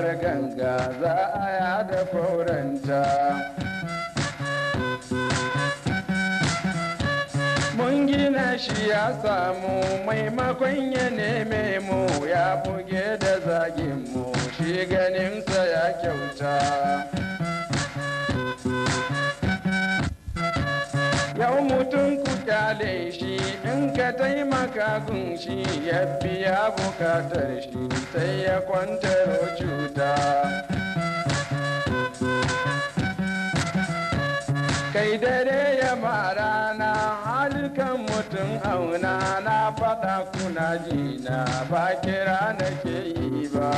jar ganga za a yada fauranta mun gina shi ya samu maimakon ya neme mu ya buge da zagin mu shi ganinsa ya kyauta yau mutum ku kyale shi in ka taimaka gunshi ya biya bukatar shi sai ya kwantar cuta kai dare ya na halkan mutum auna na faɗa kuna jina ba kira nake yi ba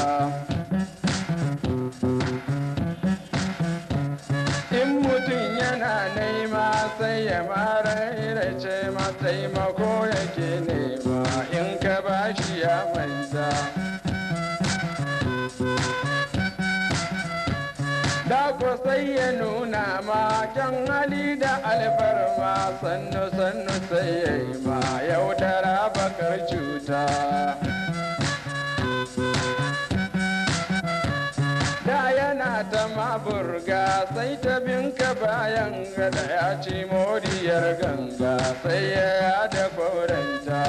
da ku sai ya nuna ma can hali da alfarma sannu sannu sai ya yi ma yau da bakar cuta da yana ta maburga sai ta binka bayan gada ya ci moriyar ganga sai ya da koranta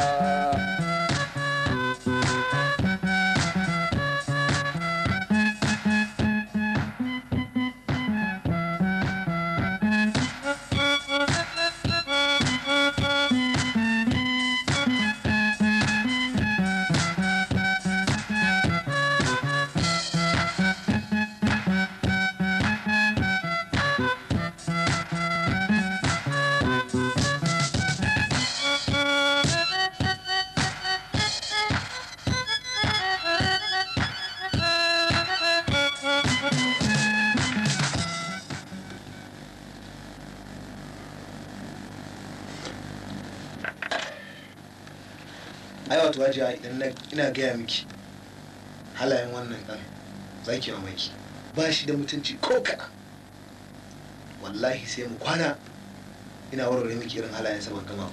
ina gaya miki halayen wannan ɗan za ki mamaki ba shi da mutunci ko kaɗan wallahi sai mu kwana ina warware miki irin halayensa ban gama ba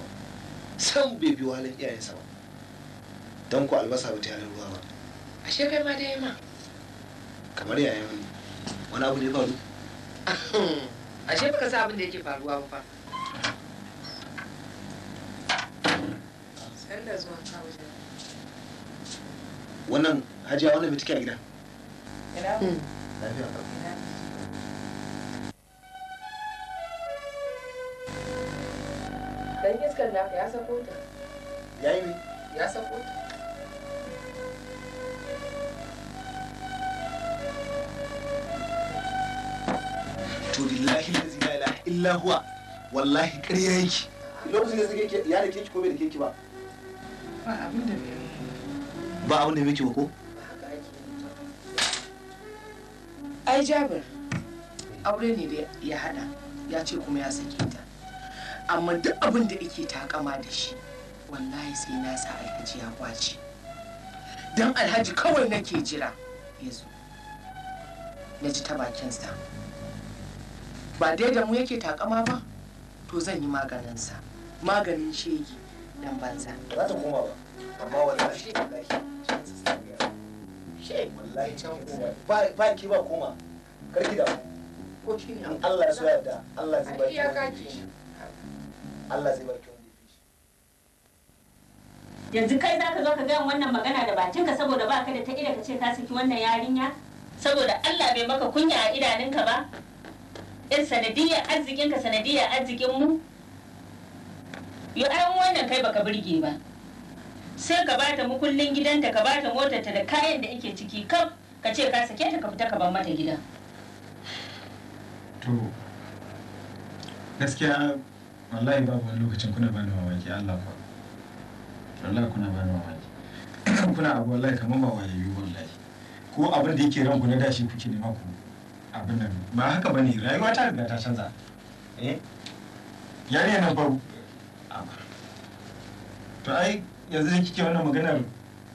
san bai biyo halin iyayensa ba don ku albasa ba ta yi ruwa ba ashe kai ma da ma kamar yayan wani wani abu ne faru ashe baka sa abin da yake faruwa ba fa sanda zuwa kawo wannan hajiya wannan mai take a gida hmm. Dan iskar da ya sako ta. Ya ne? Ya sako ta. To billahi la ilaha illa huwa wallahi ƙarya yake. Lokacin da suke ya da keki ko bai da keki ba. Ba abin da bai ba abin da miki ko ai jabir aure ne da ya hada ya ce kuma ya sake ta amma duk abin da yake takama da shi wallahi sai na sa alhaji ya kwace don alhaji kawai nake jira ya zo na ji ta bakinsa ba dai da mu yake takama ba to zan yi maganinsa maganin shegi dan banza ba ta koma ba amma wallahi wallahi shi wallahi can koma ba ba ki ba koma karki da ko shi ne Allah ya so yadda Allah zai barki Allah zai barki yanzu kai za ka zo ka gaya wannan magana da bakinka saboda ba ka da ta ida ka ce ka saki wannan yarinya saboda Allah bai maka kunya a idanunka ba in sanadiyar arzikinka sanadiyar arzikin mu yo wannan kai baka burge ba sai ka ba ta mukullin gidanta ka ba ta motarta da kayan da yake ciki kaf ka ce ka sake ta ka fita ka bar mata gida to gaskiya wallahi babu wani lokacin kuna bani mamaki Allah fa wallahi kuna bani mamaki kuna abu wallahi kamar ba wayayu wallahi ko abin da yake ku na dashi kuke nema ku abin nan ba haka bane rayuwa ta riga ta canza eh yare na ba to ai yanzu da kike wannan maganar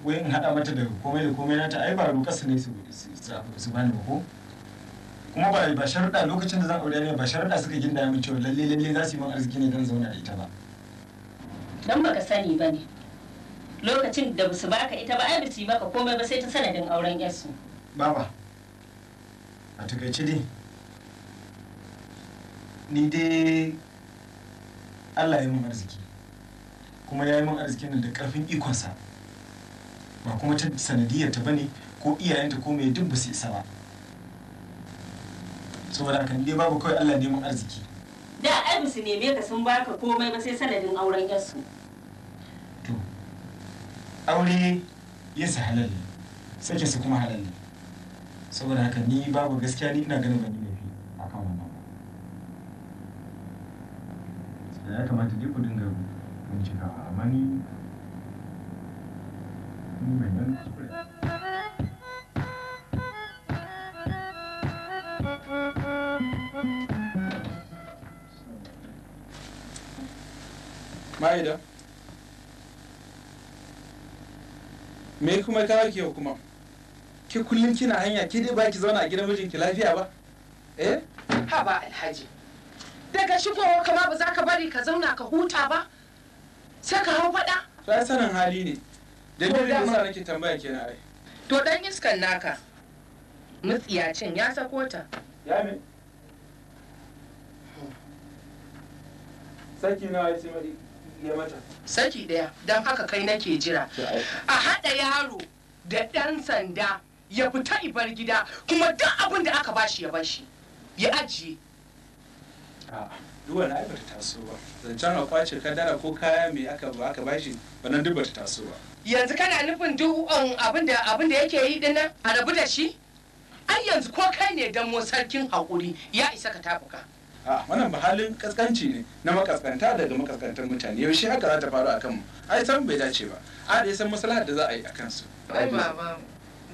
wai in haɗa mata da komai da komai nata ai ba su ne su bani ba ko kuma ba ba sharuɗa lokacin da zan aure ne ba sharuɗa suka ginda min cewa lalle lalle za su yi min arziki ne don zauna da ita ba dan baka sani ba ne lokacin da su baka ita ba ai ba su yi maka komai ba sai ta sanadin auren yarsu baba a takaice dai ni dai Allah ya mun arziki kuma ya yi min arzikin da karfin ikonsa ba kuma ta sanadiyar ta bane ko iyayenta ko mai duk ba su isa ba saboda kan dai babu kawai Allah neman arziki da ai musu neme ka sun baka komai ba sai sanadin auren yarsu to aure yin sa halal ne sake su kuma halal ne saboda haka ni babu gaskiya ni ina ganin ban yi laifi akan wannan ya kamata duk ku dinga in ce a amma me kuma ta ke kuma ki kullum kina hanya ki dai ba ki zauna a gidan mijinki lafiya ba eh ha ba alhaji daga shigowa kama ba za ka bari ka zauna ka huta ba sai ka hau faɗa to sanin hali ne dalilin da yasa nake tambaya kenan rai. to dan iskan naka mutsiyacin ya sako ta ya me saki na ya ce ya mata saki daya don haka kai nake jira a haɗa yaro da ɗan sanda ya fita ibar gida kuma duk abin da aka bashi ya bashi ya ajiye duk wani ba taso ba zancen a kwace kadara ko kaya mai aka ba aka bashi wannan duk ba taso ba yanzu kana nufin duk um, abin da abin da yake yi dinnan a rabu da shi ai yanzu ko kai ne dan mo sarkin hakuri ya isa ka tafuka a wannan ba halin kaskanci ne na makaskanta daga makaskantar mutane yaushe haka za ta faru akan mu ai san bai dace ba a da san maslahar da za a yi akan su ai ba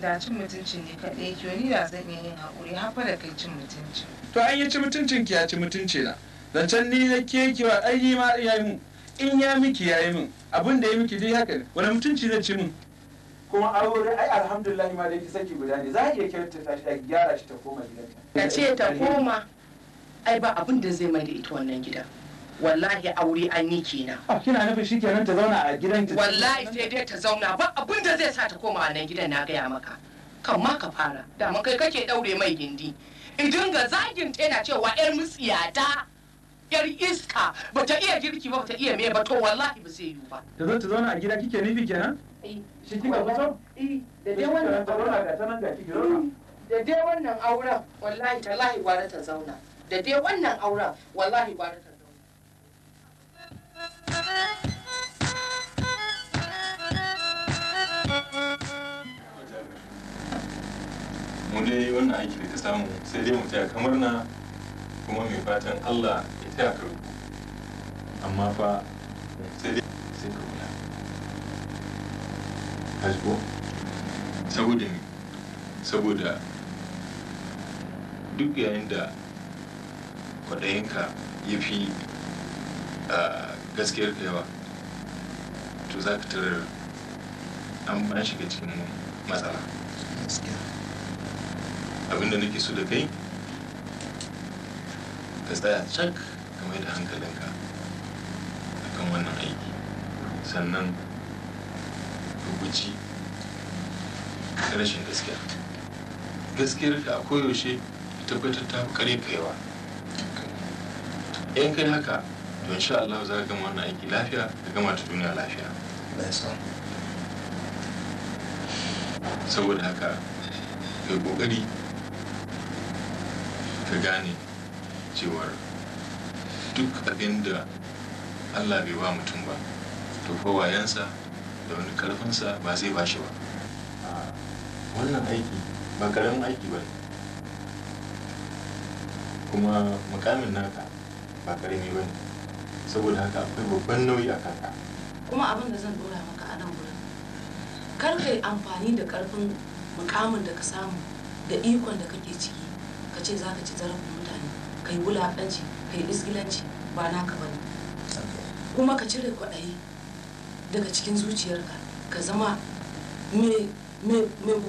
da cin mutuncin ne kaɗai kyoni da zan iya yin haƙuri, har da kai cin mutuncin to an yi ci mutuncin ki ya ci mutunci na can ni na ke ba ai ma ya yi mun in ya miki ya yi min abin da ya miki dai haka ne wani mutunci zai ci min kuma aure ai alhamdulillah ma dai ki saki guda ne za a iya kyautata shi a gyara shi ta koma gidanta ka ce ta koma ai ba abin da zai mai da ita wannan gidan wallahi aure an yi kenan a ah, kina nufin shi kenan ta zauna a gidan ta wallahi sai dai ta zauna ba abin da zai sa ta koma wannan gidan na gaya maka kan ma ka fara da kai kake daure mai gindi idan ga zagin ta yana cewa yar mutsiyata yar iska bata iya girki ba bata iya me ba to wallahi ba zai yiwu ba ta zo ta zauna a gida kike nufi kenan eh. shi kika kusa? Eh, da dai wannan auren ga nan ga kike zauna eh, da dai wannan auren wallahi tallahi gwara ta zauna da dai wannan auren wallahi gwara ta zauna mu dai wannan aiki da ta samu sai dai mu taya kamar na kuma mai fatan Allah taya amma fa sai dai sai saboda saboda duk yayin da kwaɗayinka ya fi gaskiyar ka yawa to za ka tarar an shiga cikin matsala abinda nake so da kai ka tsaya cak ka mai da hankalinka a kan wannan aiki sannan rubuci guji rashin gaskiya gaskiyar ka yaushe koyaushe tabbatar ta kare kaiwa. yan in kai haka don insha Allah za ka gama wannan aiki lafiya ka gama ta duniya lafiya saboda haka kai kokari ka gane cewar duk abin da allah bai wa mutum ba to wayansa da wani karfinsa ba zai ba shi ba wannan aiki ba karamin aiki ba kuma mukamin naka ba karami ba ne saboda haka akwai babban nauyi a kanka kuma abin da zan dora maka a nan wurin kar ka yi amfani da karfin mukamin da ka samu da ikon da kake ciki ka ce za ka ci zarafin mutane ka yi wulaƙanci kai isgilanci ba naka bane kuma ka cire kwaɗayi daga cikin zuciyarka ka zama mai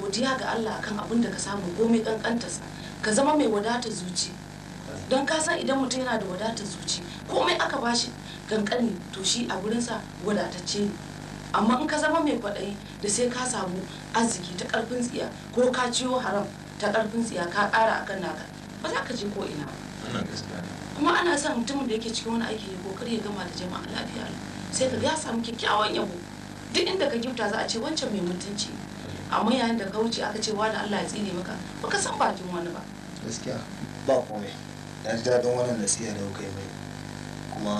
godiya ga Allah akan abin da ka samu ko mai kankantarsa ka zama mai wadata zuci don ka san idan mutum yana da wadatar zuci komai aka bashi kankani to shi a gurinsa wadatacce ne amma in ka zama mai kwaɗayi da sai ka samu arziki ta ƙarfin tsiya ko ka ciwo haram ta ƙarfin tsiya ka ƙara akan naka ba za ka je ko ina kuma ana sa mutumin da yake cikin wani aiki ya kokari ya gama da jama'a lafiya sai ka ya samu kyakkyawan yabo duk inda ka gifta za a ce wancan mai mutunci amma yayin da ka wuce aka ce wani Allah ya tsine maka baka san bakin wani ba gaskiya ba komai na ji daɗin wannan nasiha da kuka yi mai kuma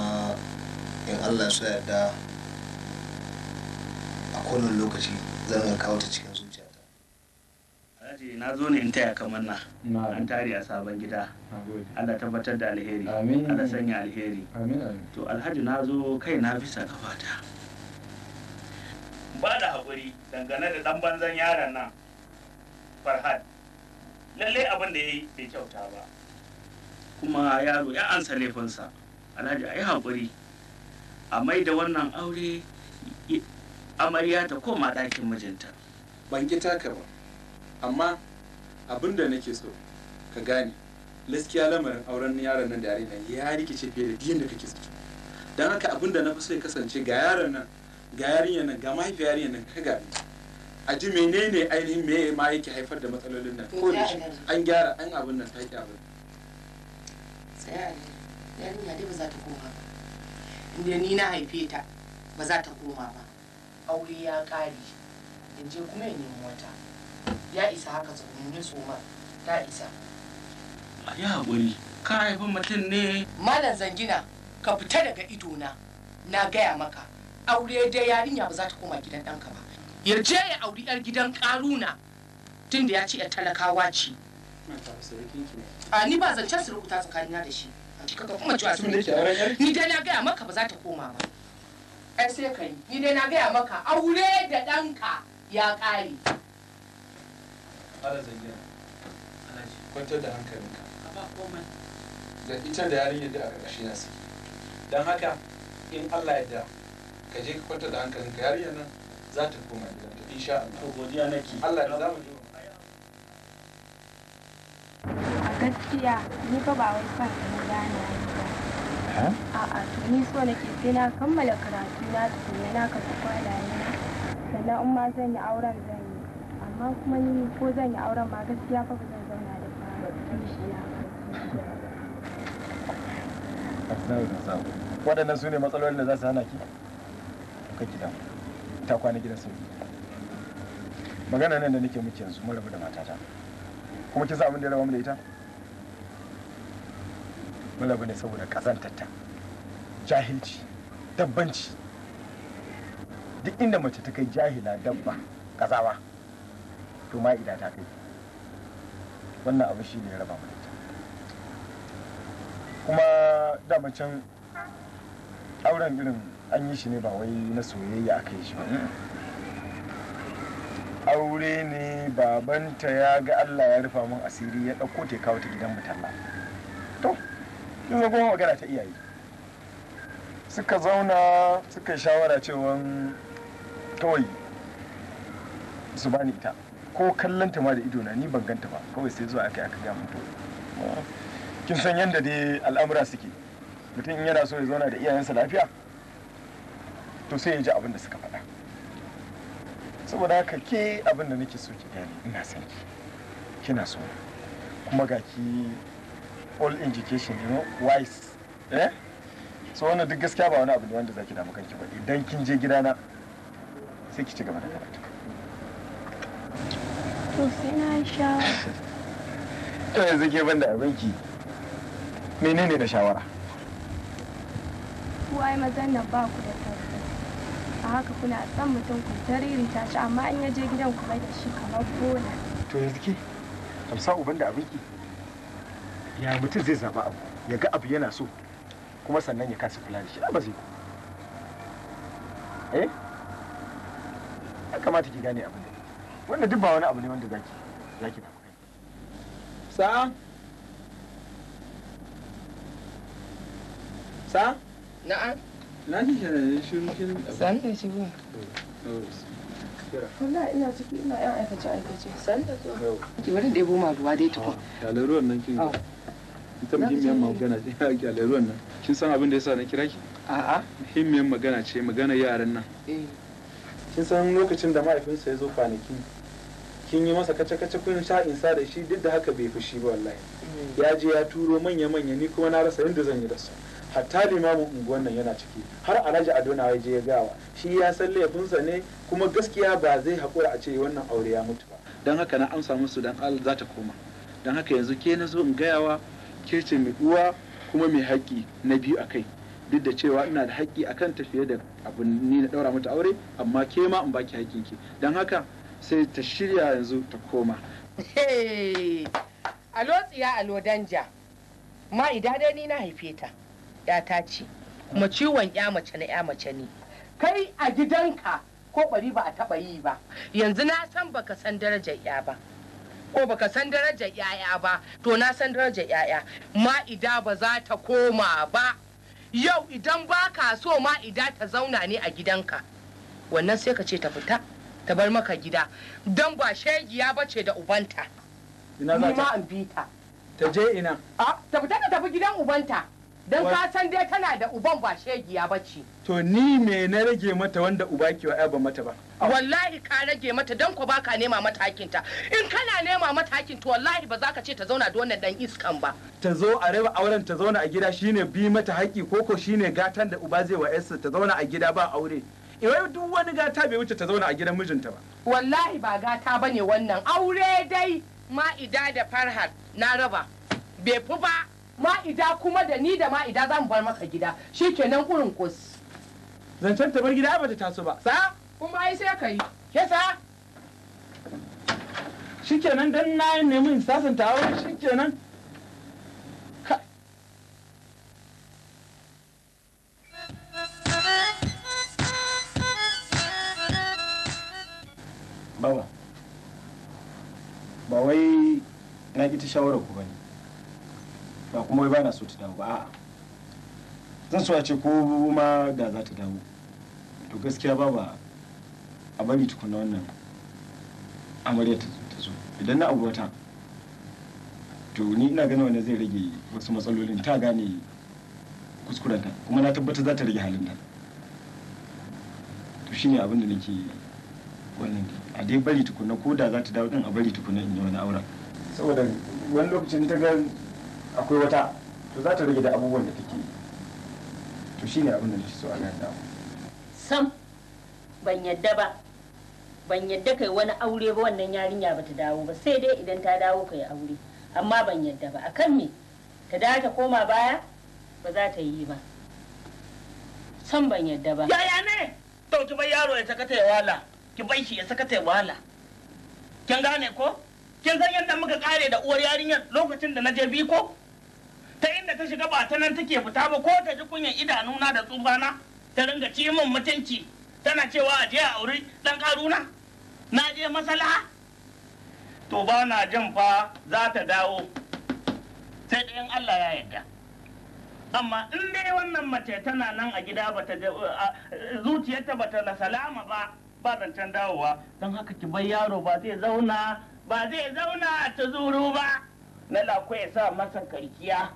in Allah su yarda a kowane lokaci zan kawo ta cikin ce na zo ne in taya kamar na an tare a sabon gida Allah tabbatar da alheri Allah sanya alheri to alhaji na zo kai na bisa kafata ba da haƙuri dangane da ɗan banzan yaron nan farhad lallai abin da ya yi bai kyauta ba kuma yaro ya ansa laifinsa alhaji a yi haƙuri a mai da wannan aure amarya ta koma ɗakin mijinta ban ki taka ba amma abin da nake so ka gane gaskiya lamarin auren yaron nan da yare nan ya rikice fiye da biyan da kake so don haka abin da na fi so ya kasance ga yaron nan ga yarinyar nan ga mahaifiyar yarinyar nan ka gane a ji menene ainihin me ma yake haifar da matsalolin nan ko da an gyara an abin nan take abin tsaya yarinya dai ba za ta koma ba inda ni na haife ta ba za ta koma ba aure ya kare in je kuma ya nemi wata ya isa haka tsugunni tsoma ta isa a yi haƙuri ka haifi mutum ne malam zangina ka fita daga idona na gaya maka aure dai yarinya ba za ta koma gidan ɗanka ba yarje ya auri yar gidan ƙaruna tun da ya ce yar talakawa ce a ni ba zancen su rubuta tsakanina da shi kaka kuma cewa sun ni dai na gaya maka ba za ta koma ba ai sai ka yi ni dai na gaya maka aure da ɗanka ya ƙare fara zayyana kwantar da hankalinka da ita da yarinyar da a ƙarƙashi na saki. don haka in allah yadda ka je ka kwantar da hankalinka yarinyar nan za ta koma gidanta insha allah to godiya nake allah da zamu je gaskiya ni fa ba wai son ka gane ba a'a to ni so nake sai na kammala karatu na tukuna na ka kwalaye na sannan in ma zan yi auren zan amma kuma ni ko zan yi auren ma gaskiya fa ba zan zauna da kishiya waɗannan su ne matsalolin da za su hana ki ka gida ta kwana gidan sun magana nan da nake miki yanzu mun rabu da matata kuma kin san abin da ya raba da ita mun rabu ne saboda kazantarta jahilci dabbanci duk inda mace ta kai jahila dabba kazawa to ma'ida ta kai wannan abu shi ne ya raba mu da mu kuma dama can auren irin an yi shi ne ba wai na soyayya aka yi shi ba aure ne babanta ya ga allah ya rufa min asiri ya ɗauko ta kawo ta gidan mutalla to kin zo kuma magana ta iyaye suka zauna suka shawara cewa kawai su bani ita ko kallon ta ma da ido na ni ban ganta ba kawai sai zuwa aka aka gamin to kin san yanda dai al'amura suke mutum in yana so ya zauna da iyayensa lafiya to sai ya ji abin da suka faɗa saboda haka ke abin da nake so ki gane ina son ki kina so kuma ga ki all indication you know wise eh so wannan duk gaskiya ba wani abu ne wanda zaki damu kanki ba idan kin je gidana sai ki ci gaba da karatu To sai na sha. To yanzu ke ban da abinki. Menene da shawara? Wai mazan nan ba ku da tabbas. A haka kuna san mutum ku tariri ta shi amma in ya je gidan ku bai da shi kamar bola. To yanzu ke amsa uban da abinki. Ya mutum zai zaba abu, ya ga abu yana so kuma sannan ya kasa kula da shi ba zai. Eh? Ya kamata ki gane abin. wanda duk ba wani abu ne wanda zaki zaki da kai sa sa na'am na ji shi san da shi ba ina ciki ina ah, oh. abin da yasa na kira ki a'a muhimmiyar magana ce magana yaran nan eh. kin san lokacin da mahaifinsa ya zo kwanaki kin yi masa kace kace kun sha in sa da shi duk da haka bai fushi ba wallahi mm. ya je ya turo manya manya ni kuma na rasa yadda zan yi da su hatta limamin unguwan nan yana ciki har alhaji adona ya je ya gawa shi ya san laifinsa ne kuma gaskiya ba zai haƙura a ce wannan aure ya mutu ba don haka na amsa musu dan al za ta koma don haka yanzu ke na zo in gayawa ke ce mai uwa kuma mai haƙƙi na biyu a kai duk da cewa ina da haƙƙi akan tafiye da abun ni na ɗaura mata aure amma ke ma in baki haƙƙinki don haka sai ta shirya yanzu ta koma alo tsiya alo danja ma idada ni na haife ta ya ta ce kuma ciwon ya mace na ya mace ne kai a gidanka ko bari ba a taba yi ba yanzu na san baka san darajar ya ba ko baka san darajar yaya ba to na san darajar yaya ma ida ba za ta koma ba yau idan ba ka so ma ida ta zauna ne a gidanka wannan sai ka ce ta fita ta bar maka gida don ba shegiya ba ce da ubanta ina za ta bi ta ta je ina a ta fita ta tafi gidan ubanta don ka san dai tana da uban ba shegiya ba ce to ni me na rage mata wanda uba ke wa ba mata ba wallahi ka rage mata don ko baka nema mata hakinta in kana nema mata hakin to wallahi ba za ka ce ta zauna da wannan dan iskan ba ta zo a raba auren ta zauna a gida shine bi mata haƙi koko shine gatan da uba zai wa ta zauna a gida ba aure Iwayo duk wani gata bai wuce ta zauna a gidan mijinta ba. Wallahi ba gata ba ne wannan aure dai ma'ida da farhar na raba. Bai fi ba ma'ida kuma da ni da ma'ida za mu bar maka gida shikenan kurin kus. Zancen ta bar gida ba ta taso ba. Sa? Kuma ai sai ka yi. Ke sa? Shikenan dan na nemi in sasanta aure shikenan. bawa ba wai na ita shawarar ku bane ba kuma wai ba so ta dawo ba a'a zan so a ce ko ma da za ta dawo to gaskiya ba ba a bari tukuna wannan amarya ta zo idan na abuwata to ni ina ganin wanda zai rage wasu matsalolin ta gane kuskurenta kuma na tabbata za ta rage halin nan to shine abin da nake wannan a dai bari tukuna ko da za ta dawo din a bari tukuna in yi wani aura saboda wani lokacin ta ga akwai wata to za ta rage da abubuwan da take to shine abin da nake so a gaya sam ban yadda ba ban yadda kai wani aure ba wannan yarinya ba ta dawo ba sai dai idan ta dawo ka yi aure amma ban yadda ba akan me ta dawo ta koma baya ba za ta yi ba san ban yadda ba yaya ne to bai yaro ya ta kata ya wala ki bai shi ya saka ta wahala kin gane ko kin san yadda muka kare da uwar yarinyar lokacin da na je ko? ta inda ta shiga ba ta nan take fita ba ko ta ji kunyan idanuna da tsufana ta ringa ci min mutunci tana cewa a je a auri dan karuna na je masala to ba na jin fa za ta dawo sai ɗayan Allah ya yarda amma in dai wannan mace tana nan a gida bata zuciyarta bata na salama ba ba can dawowa don haka ki bar yaro ba zai zauna ba zai zauna a zuru ba na lako ya sa masa karkiya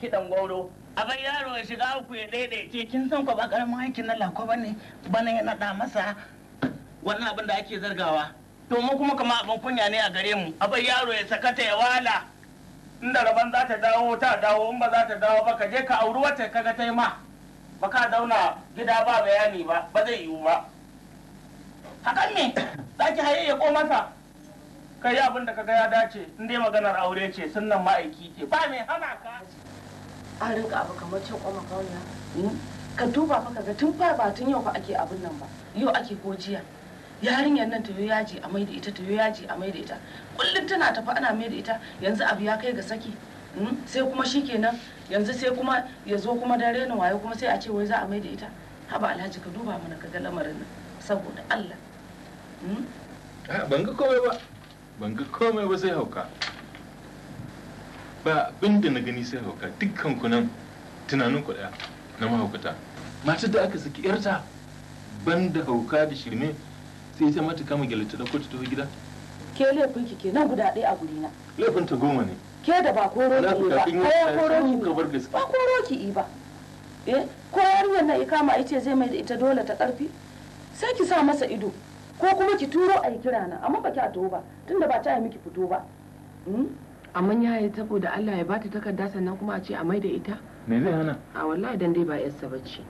kiɗan gwauro a bai yaro ya shiga ku ya daidaice kin san ko ba karamin aikin na lako ba ne bana ya naɗa masa wannan abin da ake zargawa to mu kuma kamar abin kunya ne a gare mu a bai yaro ya sakata ya wala inda rabon za ta dawo ta dawo in ba za ta dawo ba ka je ka auri wata kaga ta yi ma ba ka zauna gida ba bayani ba ba zai yiwu ba hakan ne. za ki haye ya ko masa ka yi abin da ka ga ya dace in dai maganar aure ce sunan ma'aiki ce ba mai hana ka an rinka abu kamar cin ƙoma kauniya hmm? ka duba fa ga tun fa ba tun yau fa ake abin nan ba yau ake gojiya yarinyar nan ta yi yaji a mai da ita ta yi yaji a mai da ita kullum tana tafi ana mai da ita yanzu abu ya kai ga saki hmm? sai kuma shi kenan yanzu sai kuma ya zo kuma dare na waye kuma sai a ce wai za a mai da ita haba alhaji ka duba mana ka ga lamarin nan saboda Allah Ah, ban ga komai ba ban ga komai ba sai hauka ba abinda na gani sai hauka dukkan ku nan tunanin ku daya na mahaukata matar da aka saki yarta da hauka da shirme sai ta mata kama gyalata da ko ta gida ke laifin ki ke nan guda ɗaya a gurina laifin ta goma ne ke da ba koro ki ba ko ya koro ki ba koro ki ba eh ko yarinyar na ikama ice zai mai da ita dole ta ƙarfi sai ki sa masa ido ko kuma ki turo a yi kira na amma ba ki a ba tunda ba ta yi miki fito ba hmm? amma ya yi tabo da Allah ya ba ta takarda sannan kuma a ce a mai da ita me zai hana a wallahi dan dai ba yarsa bace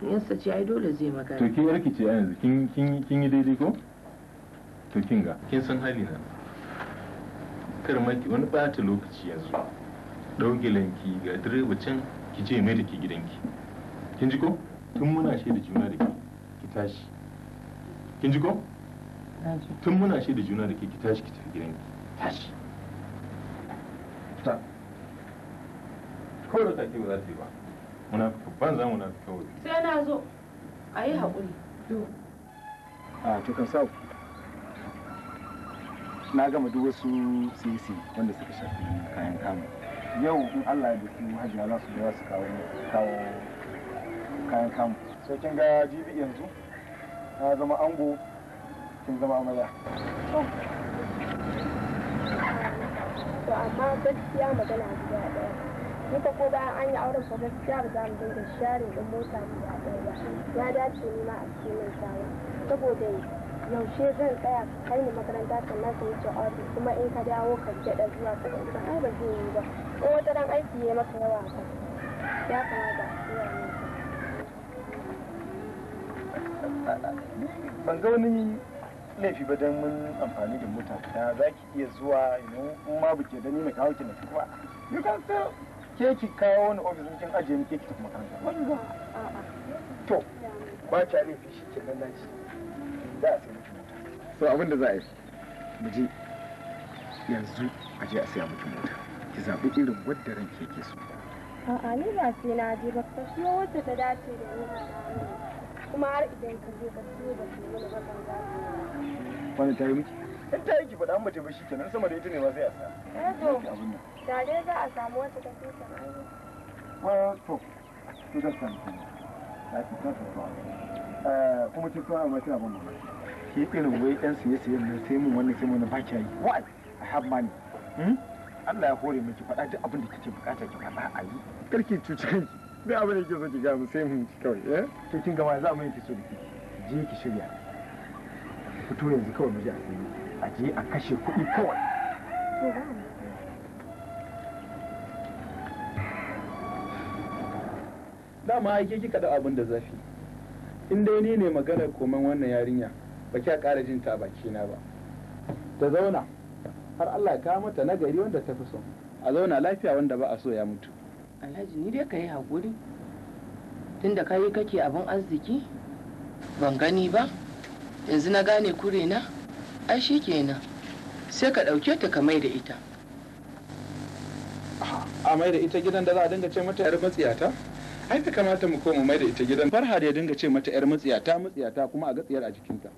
yarsa ce ai dole zai magana to kin yarki ce yanzu kin kin kin yi daidai ko to kin ga kin san hali na kar maki wani ɓata lokaci yanzu daugilanki ga direba can ki je mai da ke gidanki kin ji ko tun muna shaida juna da ke ki tashi kin ji ko tun muna shi da juna da ke ki tashi ki tafi ki tashi ta kawai da take ba za ta yi ba muna ban za muna kawai sai na zo a yi haƙuri a to kan na gama duk wasu sisi wanda suka shafi kayan kama yau in allah ya su hajiya za su da su kawo kayan kama sai kin ga jibi yanzu ya zama ango kin zama amarya to amma gaskiya magana guda ɗaya duka ko bayan an yi auren fa gaskiya ba za mu dinga sharin ɗin mota guda ɗaya ba ya dace ni ma a cikin sawa saboda yaushe zan tsaya kai ni makaranta sannan ka wuce ofis kuma in ka dawo ka gyaɗa zuwa ka ai ba zai yi ba ko wata ran aiki ya maka yawa ka ya kamata ban ga wani laifi ba don mun amfani da mota ta za ki iya zuwa in ma buke don nuna kawo ki na fi kuma you can still ke ki kawo wani ofis kin ajiye ni ke ki tafi makaranta to ba ta laifi shi ke nan daji da a sai miki mota so abin da za a yi mu je yanzu a je a saya miki mota ki zaɓi irin wadda ranke ke so a'a ni ba sai na je ba ka siyo wacce ta dace da ni kuma har idan ka je ka siyo ba su wani hakan za wani ta yi miki in ta yi ki faɗa mace ba shi kenan sama da ita ne ba sai a sa eh da dai za a samu wata tafi ta to to da san ki ta ki ta ta kuma ki fara wata abin ba ki irin wai ɗan siye siye ne sai mun wannan sai mun ba ki yi what i have money hmm? Allah ya hore miki faɗa duk abin da kike bukata ki faɗa a yi karki cuci kanki da abin da ke so ki ga mu sai ci kawai eh to kin gama za mu yi kiso da ki je ki shirya fito yanzu kawai mu je a sayi a je a kashe kuɗi kawai dama ake kika da abin da zafi in dai ni ne maganar koman wannan yarinya ba kya ƙara jin ta baki na ba ta zauna har Allah ya kawo mata nagari wanda ta fi so a zauna lafiya wanda ba a so ya mutu alhaji ni dai ka yi haƙuri tunda kai kake abin arziki ban gani ba yanzu na gane kurena ai shi kenan sai ka ɗauke ta ka mai da ita a mai da ita gidan da za a dinga ce mata yar matsiyata ai fi kamata mu koma mai da ita gidan farha da ya dinga ce mata yar matsiyata matsiyata kuma a gatsiyar a jikinta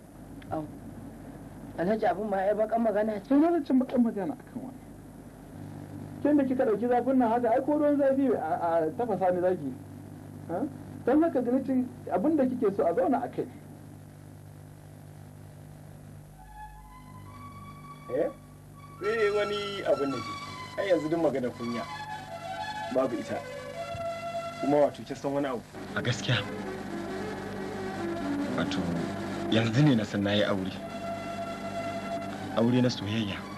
alhaji abin ma ya bakan magana ce na da cin bakan magana akan wani tun da kika dauki zafin nan haka ai ko ruwan zafi a tafasa ne zaki don haka gani abin da kike so a zauna a kai eh sai eh, wani abin da ke ai yanzu duk magana kunya babu ita kuma wato ke san wani abu a gaskiya wato yanzu ne na san na yi aure aure na soyayya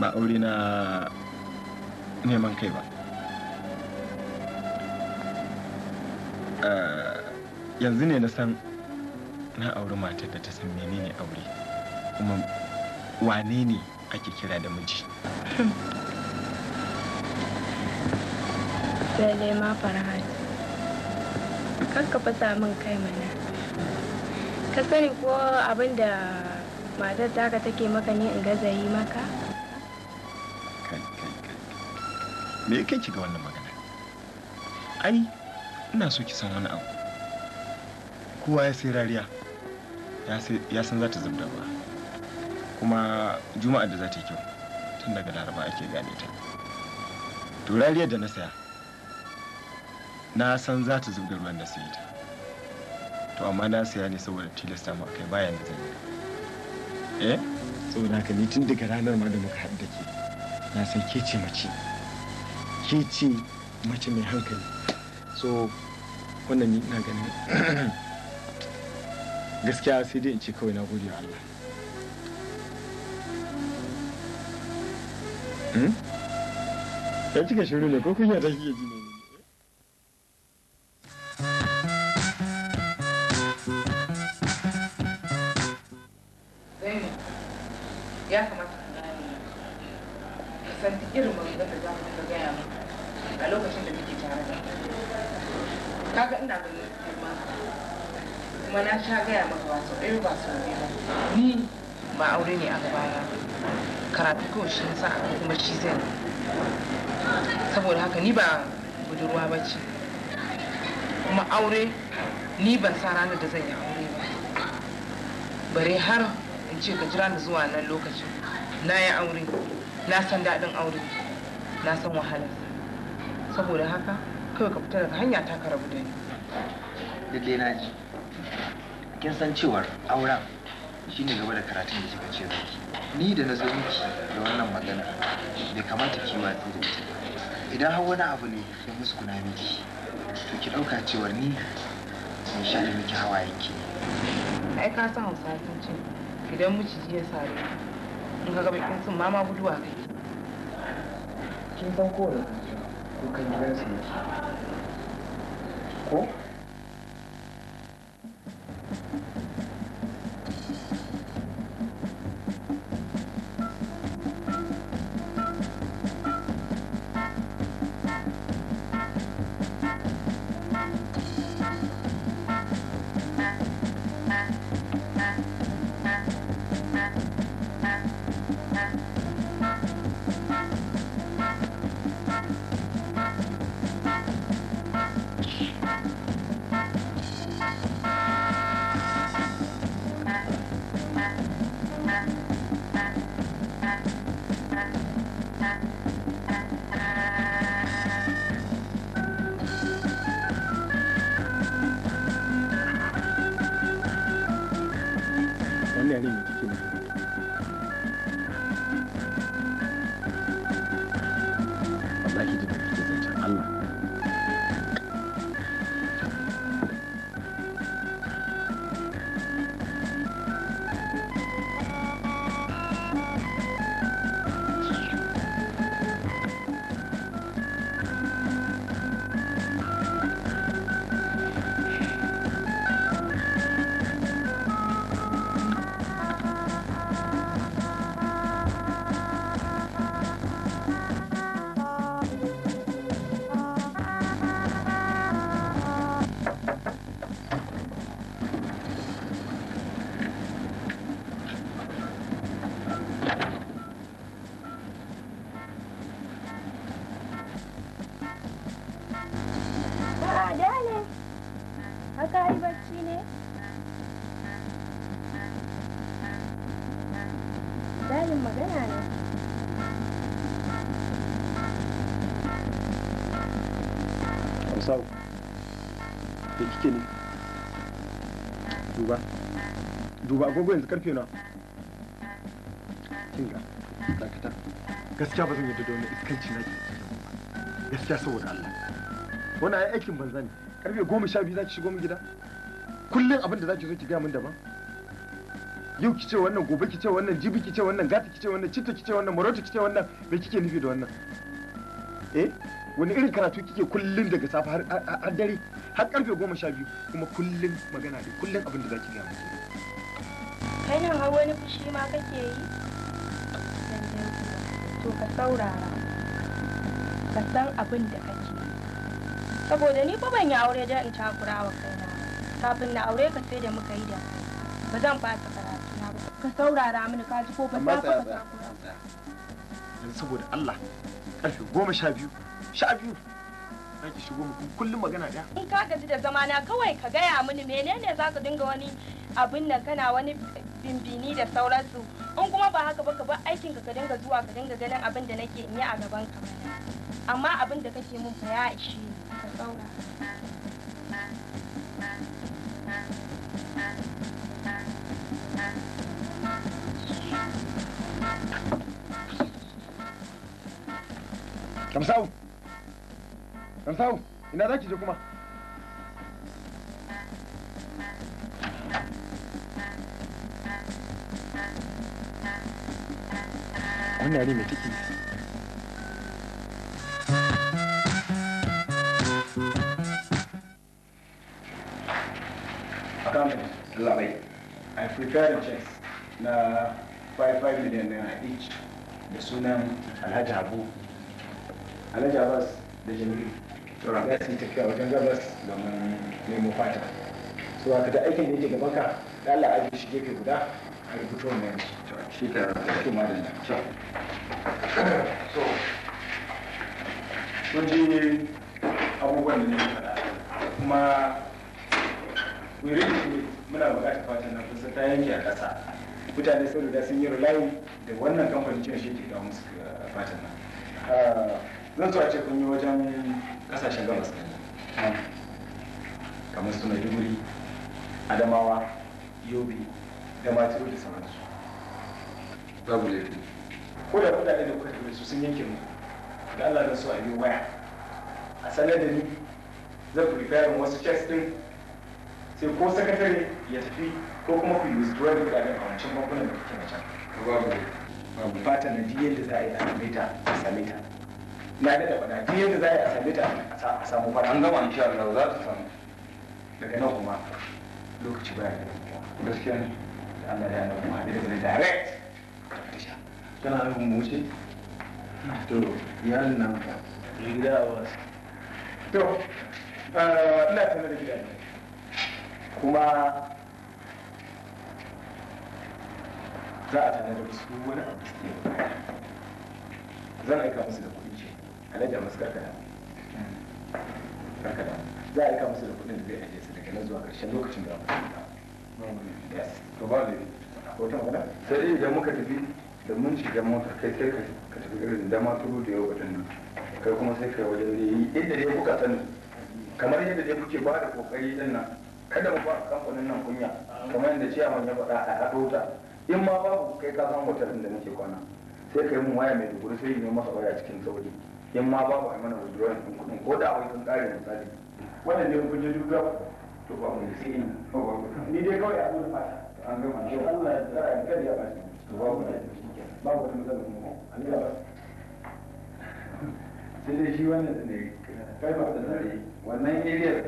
ba aure na neman kai ba ah, yanzu ne na san na auri matar da ta san menene aure kuma wane ne ake kira da miji Lele ma farhat kan ka fasa min kai mana ka sani ko abinda da matar taka take maka ne in gaza yi maka me ya kai ki ga wannan magana ai ina so ki san wani abu kowa ya sai rariya ya san za ta zubda ba kuma juma'a da za ta yi kyau tun daga laraba ake gane ta to rariyar da na saya na san za ta zubda ruwan da sai ta to amma na saya ne saboda tilasta mu kai bayan da zai eh saboda haka ni tun daga ranar ma da muka haɗu da ke na san ke ce mace ke ce mace mai hankali so wannan ni ina ganin gaskiya sai dai in ce kawai na gode wa Allah hmm? ya ka shiru ne ko kun yi ta kike ji shi za a kuma shi zai saboda haka ni ba budurwa ba ce kuma aure ni ban sa ranar da zan yi aure ba bare har in ce ka jira ni zuwa nan lokacin na yi aure na san daɗin aure na san wahala saboda haka kawai ka fita daga hanya ta karabu da ni na ji kin san cewar auren shine gaba da karatun da kika ce zaki ni da na zo da wannan magana da kamata ki watsi da ita idan har wani abu ne ya muskuna miki to ki ɗauka cewar ni mai sha da miki hawayenki ai ka san hausa sun ce idan miciji ya sare in ka ga kin sun mama guduwa kai kin san ko kuka gidan gidansu ne ko Kelly, duba agogo yanzu karfe na kinga ka fita gaskiya ba zan yadda da wani iskanci na ke gaskiya saboda Allah wani ai aikin banza ne karfe goma sha biyu za ki shigo min gida kullum abin da za ki zo ki gaya min daban yau ki ce wannan gobe ki ce wannan jibi ki ce wannan gata ki ce wannan citta ki ce wannan marota ki ce wannan me kike nufi da wannan eh wani irin karatu kike kullum daga safe har dare har karfe goma sha biyu kuma kullum magana ne kullum abin da za ki gaya Shin har wani fushi ma kake yi? To ka saurara, ka san abin da kake. Saboda ni fa ban yi aure don in takura wa kaina. Kafin na aure ka sai da muka yi da ba zan fasa karatu na ba. Ka saurara mini ka ji ko ba ta ka takura. saboda Allah, ƙarfe goma sha biyu, sha biyu. za ki shigo mu kullum magana ɗaya. In ka gaji da zamana kawai ka gaya mini menene za ka dinga wani abin nan kana wani bimbini da sauransu in kuma ba haka ba ka bar aikin ka dinga zuwa ka dinga ganin abin da nake a gaban ka amma abin da kake mun fa ya ishe ni ka saura Kamsau! Kamsau! Ina za ki je kuma? wannan yare mai take Accountant, Labai, I na 5 million naira each da sunan Alhaji Abu. Alhaji Abbas da Jamilu. Tura. wajen gabas domin nemo fata. So, haka da aikin da yake gaban ka, Allah ajiye shi gefe guda a rubuto wannan shi ka shi malam ta so kun ji abubuwan da ne faɗa kuma wirin muna buƙatar fatan na kusa ta yanke a ƙasa mutane sun riga sun yi rulayi da wannan kamfanin cin shi ga musu uh, fatan nan uh, zan so ce kun yi wajen ƙasashen gabas kamar su maiduguri adamawa yobe da matiro da sauransu babu laifi ko da kuɗaɗe da kuka su sun yanke mu ga Allah na so a biyo waya a sanar da ni zan preparing wasu checks din sai ko sakatare ya tafi ko kuma ku yi withdrawal kuɗaɗen a wancan bankunan da kuke na can babu babu fata na duk da za a yi a same ta a same ta na da da bana duk yadda za a yi a same ta a samu fata an gama insha Allah za ta samu daga nan kuma lokaci baya da gaskiya ne Allah ya nuna mu hadin da direct kana nufin mu wuce to iyalin nan fa gida a wasu to eh, ina sanar da gida kuma za a tana da su wani abu zan aika musu da kuɗi ce lajar masu karkada karkada za a aika musu da kuɗin da zai ajiye su daga nan zuwa karshen lokacin da ba su ba ne ko ta magana sai idan muka tafi da mun shiga mota kai sai ka tafi garin dama turu da yau batun nan kai kuma sai kai wajen da yi inda dai kuka sani kamar yadda dai kuke ba da kokari din nan kada mu ba kamfanin nan kunya kamar yadda ciyaman ya faɗa a haɗo ta in ma ku kai ka san hotel da nake kwana sai kai mun waya mai duburu sai ne masa waya cikin sauri in ma ku ai mana withdrawal din kuɗin ko da akwai sun kare misali wannan ne kun je duka to ba mu sai ni dai kawai a gudu fata an gama shi Allah ya tsara kada ya bashi babu wata matsala kuma an ba sai dai shi wannan ne kai ba da zai wannan area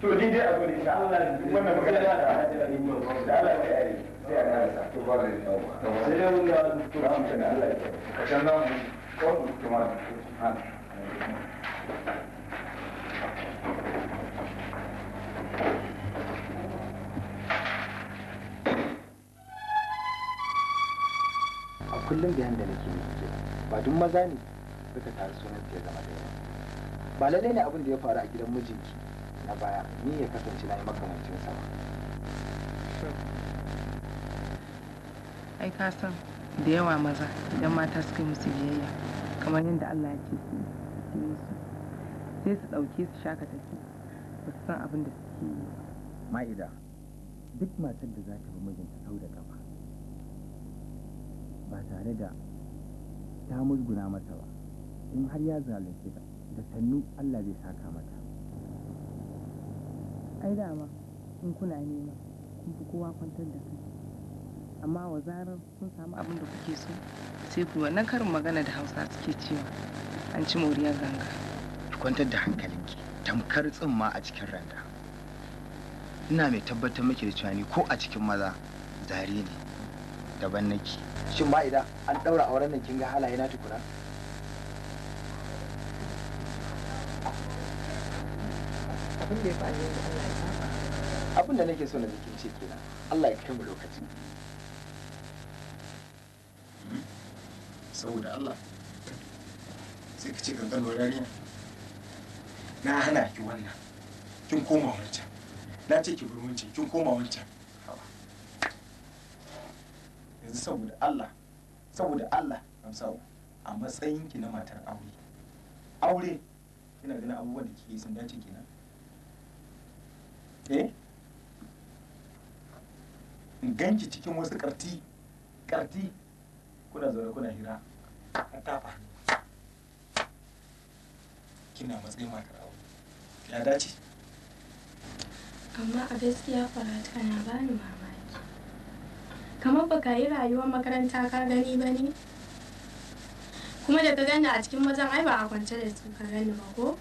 to ni dai a zo insha Allah duk wannan magana da da Allah ya yi sai a karasa to ba da sai dai mun ga to ba mu da Allah ya kashan namu ko kuma an kullum da da nake yi ba duk maza ne suka taru sunan ya zama da yawa ba lalle ne abin da ya faru a gidan mijinki na baya ni ya kasance na yi makamancin sama ai ka san da yawa maza idan mata suka yi musu biyayya kamar yadda Allah ya ce su sai su dauke su shaka tafi ba su san abin da suke yi ma'ida duk matar da za ta bi mijinta sau da kafa ba tare da ta musguna mata ba in har ya zalunce ta da sannu Allah zai saka mata ai dama in kuna nema kun fi kowa kwantar da kai amma wa zarar kun samu abin da kuke so sai ku wannan karin magana da hausa suke cewa an ci moriyar ganga ki kwantar da hankalinki tamkar tsimma a cikin randa ina mai tabbatar miki da cewa ni ko a cikin maza zare ne daban nake shin ba idan an daura auren nan kin ga halaye na tukuna abin da ya faru da Allah ya saba abin da nake so na jikin ce kenan Allah ya kai mu lokaci saboda Allah sai ka ce gangan rariya na hana ki wannan kin koma wancan na ce ki burmunci kin koma wancan yanzu saboda Allah saboda Allah amsawo a matsayin ki na matar aure aure kina ganin abubuwan da ke sun dace kenan eh ganki cikin wasu karti karti kuna zaune kuna hira a tafa kina matsayin matar aure ya dace amma a gaskiya farata na bani ma kamar baka yi rayuwar makaranta ka gani ba ne kuma da ka gani a cikin mazan ai ba a kwance da su ka gani ba ko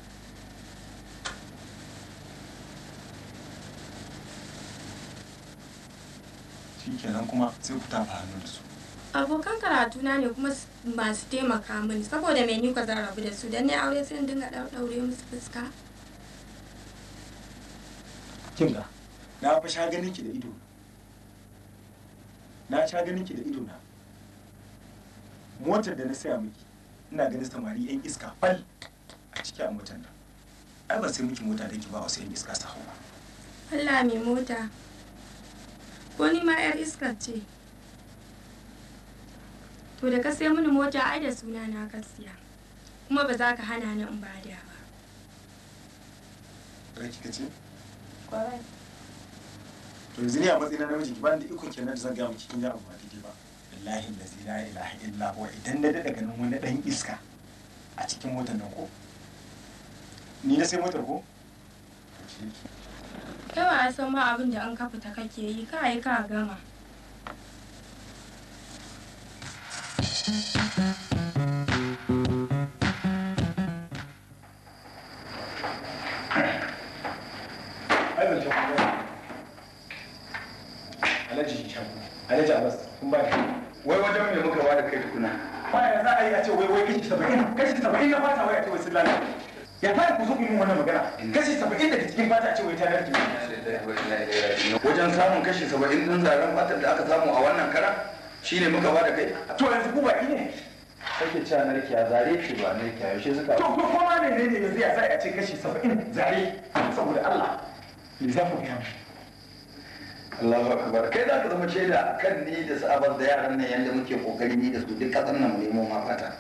shikenan kuma sai ku tafa hannu da su abokan karatu na ne kuma masu taimaka min saboda mai ni ka zan rabu da su dan ne aure sai dinga daure musu fuska kinga na fa sha ganin ki da ido na sha ganin ki da ido na motar da na saya miki ina ganin samari yan iska fal a ciki a motar nan ai ba sai miki mota da ki ba wasu yan iska su hawa Allah mai mota ko ni ma yar iska ce to da ka sai mini mota ai da suna na gaskiya kuma ba za ka hana ni in ba da ba Rai kika ce? Kwarai. to yanzu ne a matsayin na namiji ba bani da ikon kenan da zan gaya cikin kin ji abu ba daidai ba wallahi lazi la ilaha illa huwa idan na daɗa ganin wani ɗan iska a cikin motar nan ko ni na sai motar ko kai ba a san ma abin da an kafa ta kake yi ka yi ka gama Thank you. ce wai kashi saba'in kashi saba'in na fata a ce wai sun ya fara ku zuku yin wannan magana kashi saba'in cikin fata a ce wai ta wajen samun kashi saba'in din zaren fatar da aka samu a wannan shi shine muka ba da kai to yanzu ku baki ne kake cewa narke a zare ce ba narke a yaushe suka to ko kuma ne ne yanzu ya sa a ce kashi saba'in zare saboda Allah me za ku gaya Allahu akbar kai za ka zama shaida kan ni da sabon da yaran nan yadda muke kokari ni da su duk kasan nan mu nemo ma fata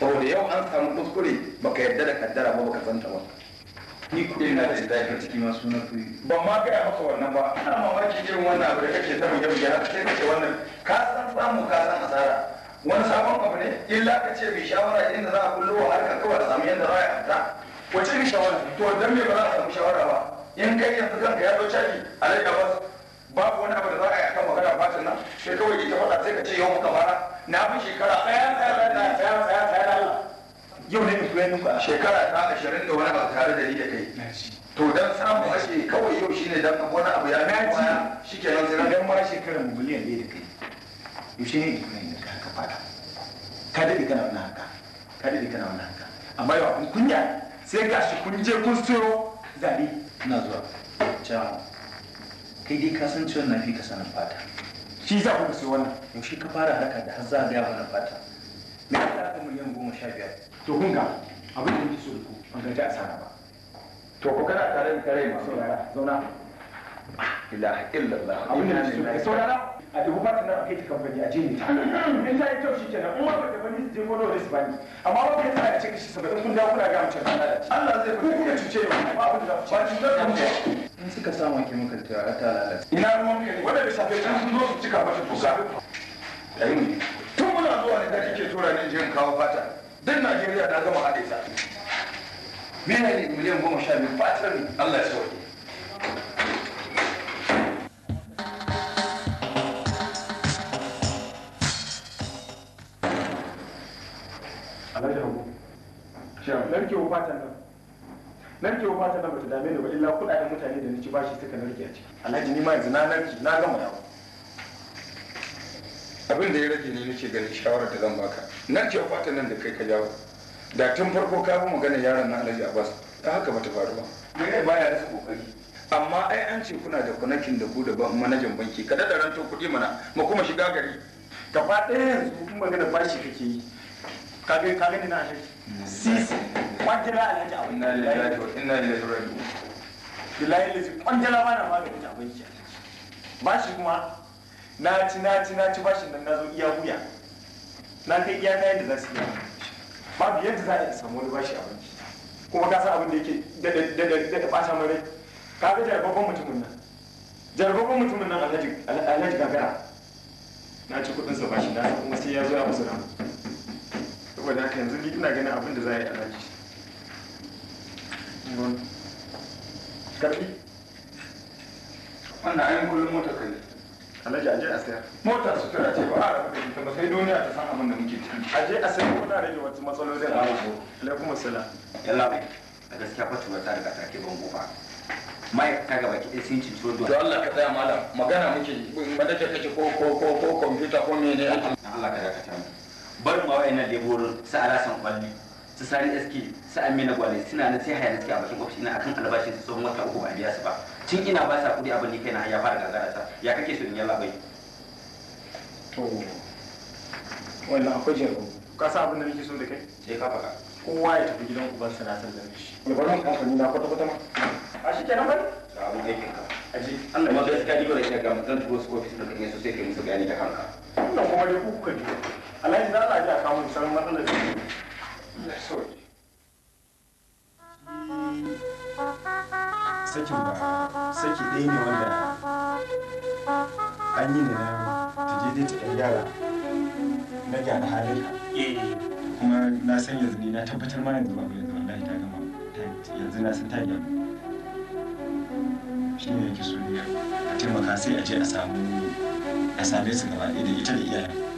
saboda yau an samu kuskure baka yarda da kaddara ba baka santa ba ni kuɗi na da zafin ciki ma suna kuɗi Ba ma gaya maka wannan ba ana mamaki irin wannan abu da kake ta buge buge har sai kace wannan ka san samu ka san asara wani sabon abu ne illa ka ce bi shawara inda za a kullo harkar kawai a samu yadda za a yi yarda wace ni shawara to dan me ba za a samu shawara ba in kai yanzu kanka ya dauka caji a rika basu babu wani abu da za a yi akan magana fatin nan sai kawai ita faɗa sai ka ce yau muka fara na fi shekara tsaya tsaya tsaya tsaya tsaya tsaya yau ne mutu yanzu ba. shekara ta ashirin da wani abu tare da ni da kai to dan samu ake kawai yau shine dan wani abu ya ke shikenan sai dan ma shekara mu biliyan ɗaya da kai yau shine ne da ka fada ka dade kana wannan haka ka dade kana wannan haka amma yau a kunya sai gashi kun je kun siyo zare ina zuwa jamo kai dai ka san ciwon na fi ka sanin fata shi za ku sai wannan yaushe ka fara harka da har za a gaya wannan fata me ya ta kuma miliyan goma sha biyar to kun ga abin da yake so ku ban gaji sana ba to ko kana tare da kare masu saurara zauna ilaha illallah abin da yake so ka saurara a dubu ba ta nan a kai ta kamfani a jini ta in ta yi kyau shi kenan in wanda da wani zai wani wani su bani amma wanda ya cika cikin shi saboda kun dawo kuna ga mutum na lalace Allah zai ku kuka cuce yau ba abin da ba ci zai kamfe in suka sa maki maka ta ta lalace ina ruwan kai wanda bisa kai kan sun zo su cika mata toka yayi ne tun muna zuwa ne da kike tura ne jin kawo fata duk Najeriya ta gama haɗe ta. Mene ne miliyan goma sha biyu fatar Allah ya sauke. narkewa fata nan narkewa fata nan bata dame ni ba illa kudaden mutane da ni ci bashi suka narke a ciki alhaji ni ma yanzu na narki na gama yawo abin da ya rage ne nake ganin shawara da zan baka narkewa fata nan da kai ka jawo da tun farko ka bi magana yaron na alhaji abbas ta haka bata faru ba me baya rasa kokari amma ai an ce kuna da kunakin da ku da manajan banki ka da ranto kuɗi mana mu kuma shiga gari gaba ɗaya yanzu magana bashi kake yi kage kage ne na alhaji sisi kwanjala alhaji abin inna lillahi wa inna ilaihi raji'un ba na ba shi kuma na ci na ci na ci nan iya wuya na kai iya na yadda za su babu yadda za a yi samu wani bashi abin kuma ka san abin da yake da ɓata mai rai ka ga jarbabban mutumin nan jarbabban mutumin nan alhaji gagara na ci kuɗinsa bashi na kuma sai ya zo ya saboda haka yanzu ina ganin abin da za a yi alaji karfi wannan ayin kullum mota kai ne alaji aje a sayar mota sutura ce ba a rabu da ba sai duniya ta san abin da muke ciki aje a sayar kuna rage wasu matsalolin a wasu alaikum assalam yalla bai da gaskiya fa fatuwa ta riga ta ke bango ba ma'aikata gaba ki sun ci tuwo to Allah ka tsaya malam magana muke manajar kake ko ko ko ko computer ko mene yake Allah ka dakata mu barin ma wa'annan leburin su alasan kwalli su sani eski su amina gwale suna na sai hayana suke a bakin ofishi ina akan albashin su tsohon wata uku ba a biya su ba tun ina ba sa kudi abin ni kai na ya fara gagara ta ya kake so in yalla bai to wannan akwai jaro ka sa abin da nake so da kai sai ka faka kowa ya tafi gidan uban sa na da shi ya bar mun kamfani na kwata kwata ma a shi kenan bane da abin yake ka aji da ma gaskiya ni ba da shi ga mutan da su ofishi da kake so sai kai musu bayani da kanka wannan kuma dai ku kuka ji alhaji za a ji a kamun sauran matsalar da sauki sakin ba saki ɗaya ne wanda an yi ne na taje dai ta ɗan yara na gyara halin eh, kuma na san yanzu ne na tabbatar ma yanzu ba yanzu wanda ta gama yanzu na san ta gyara shi ne yake so a taimaka sai a je a samu a same su gaba ɗaya da ita da iyayen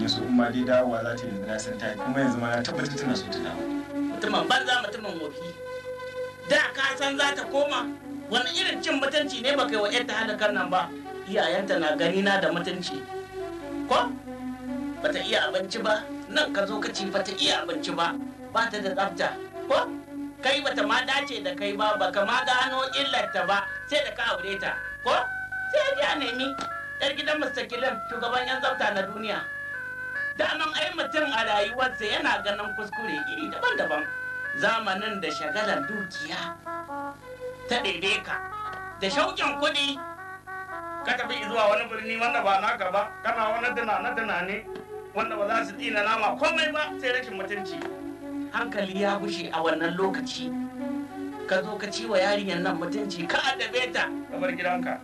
ya so in ma dai dawowa za ta yi da san ta kuma yanzu ma na tabbatar tana so ta dawo mutumin banza mutumin wofi da ka san za ta koma wani irin cin mutunci ne baka yi wa yadda halakar nan ba iyayenta na gani na da mutunci ko ta iya abinci ba nan ka zo ka ci ta iya abinci ba ba ta da tsafta ko kai ta ma dace da kai ba ka ma gano illarta ba sai da ka aure ta ko sai ya nemi yar gidan mr Kilim, shugaban yan tsafta na duniya daman ai mutum a rayuwarsa yana ganin kuskure iri daban-daban zamanin da shagalar dukiya ta ɗebe ka da shauƙin kuɗi ka tafi zuwa wani birni wanda ba naka ba kana wani dana ne wanda ba za su tsina nama komai ba sai rashin mutunci hankali ya bushe a wannan lokaci ka zo ka ciwa yarinyar nan mutunci ka addabe ta ka bar gidanka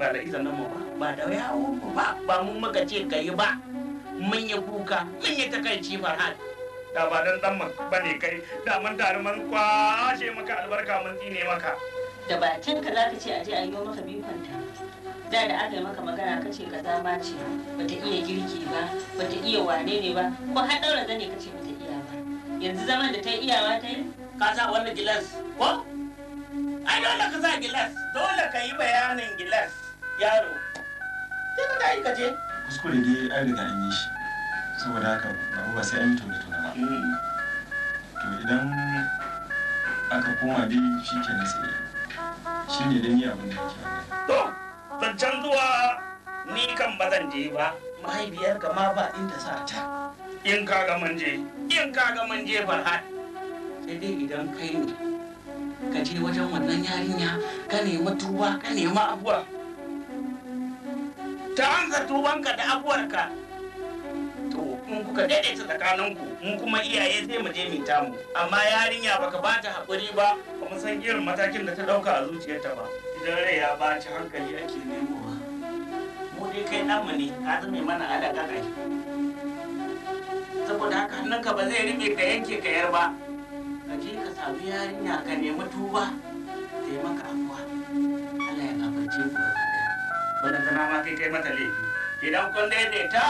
ba da izinin mu ba ba da yawo ba ba mun muka ce ka yi ba mun yi kuka mun yi takaici farhan da ba dan dan man ne kai da mun tare mun kwashe maka albarka mun tsine maka da bakin ka zaka ce aje a yi maka ta? da da aka yi maka magana ka ce kaza ma ce bata iya girki ba bata iya wane ne ba ko har daura zane kace bata iya ba yanzu zaman da ta iyawa ta yi ka sa wannan gilas ko ai dole ka sa gilas dole ka yi bayanin gilas yaro sai ka tashi ka je kuskure dai an riga an yi shi saboda haka ba ba sai an yi tona tona ba to idan aka koma dai shi ke na sai shi ne dai ni abin da yake to zancen zuwa ni kan ba zan je ba mahaifiyar ka ma ba inda sa ta in ka ga mun je in ka ga mun je farhat sai dai idan kai ne ka je wajen wannan yarinya ka nemi tuba ka nemi abuwa ta ansa tubanka da abuwarka to in kuka daidaita tsakaninku mun kuma iyaye zai mu je mu tamu amma yarinya baka ba ta haƙuri ba ba mu san irin matakin da ta ɗauka a zuciyarta ba idan rai ya ci hankali ake nemowa mu dai kai mu ne ka zame mana alaƙa kai saboda haka hannunka ba zai rike ka yanke yar ba ka je ka samu yarinya ka nemi tuba taimaka maka ma kai kai mata laifi idan kun daidaita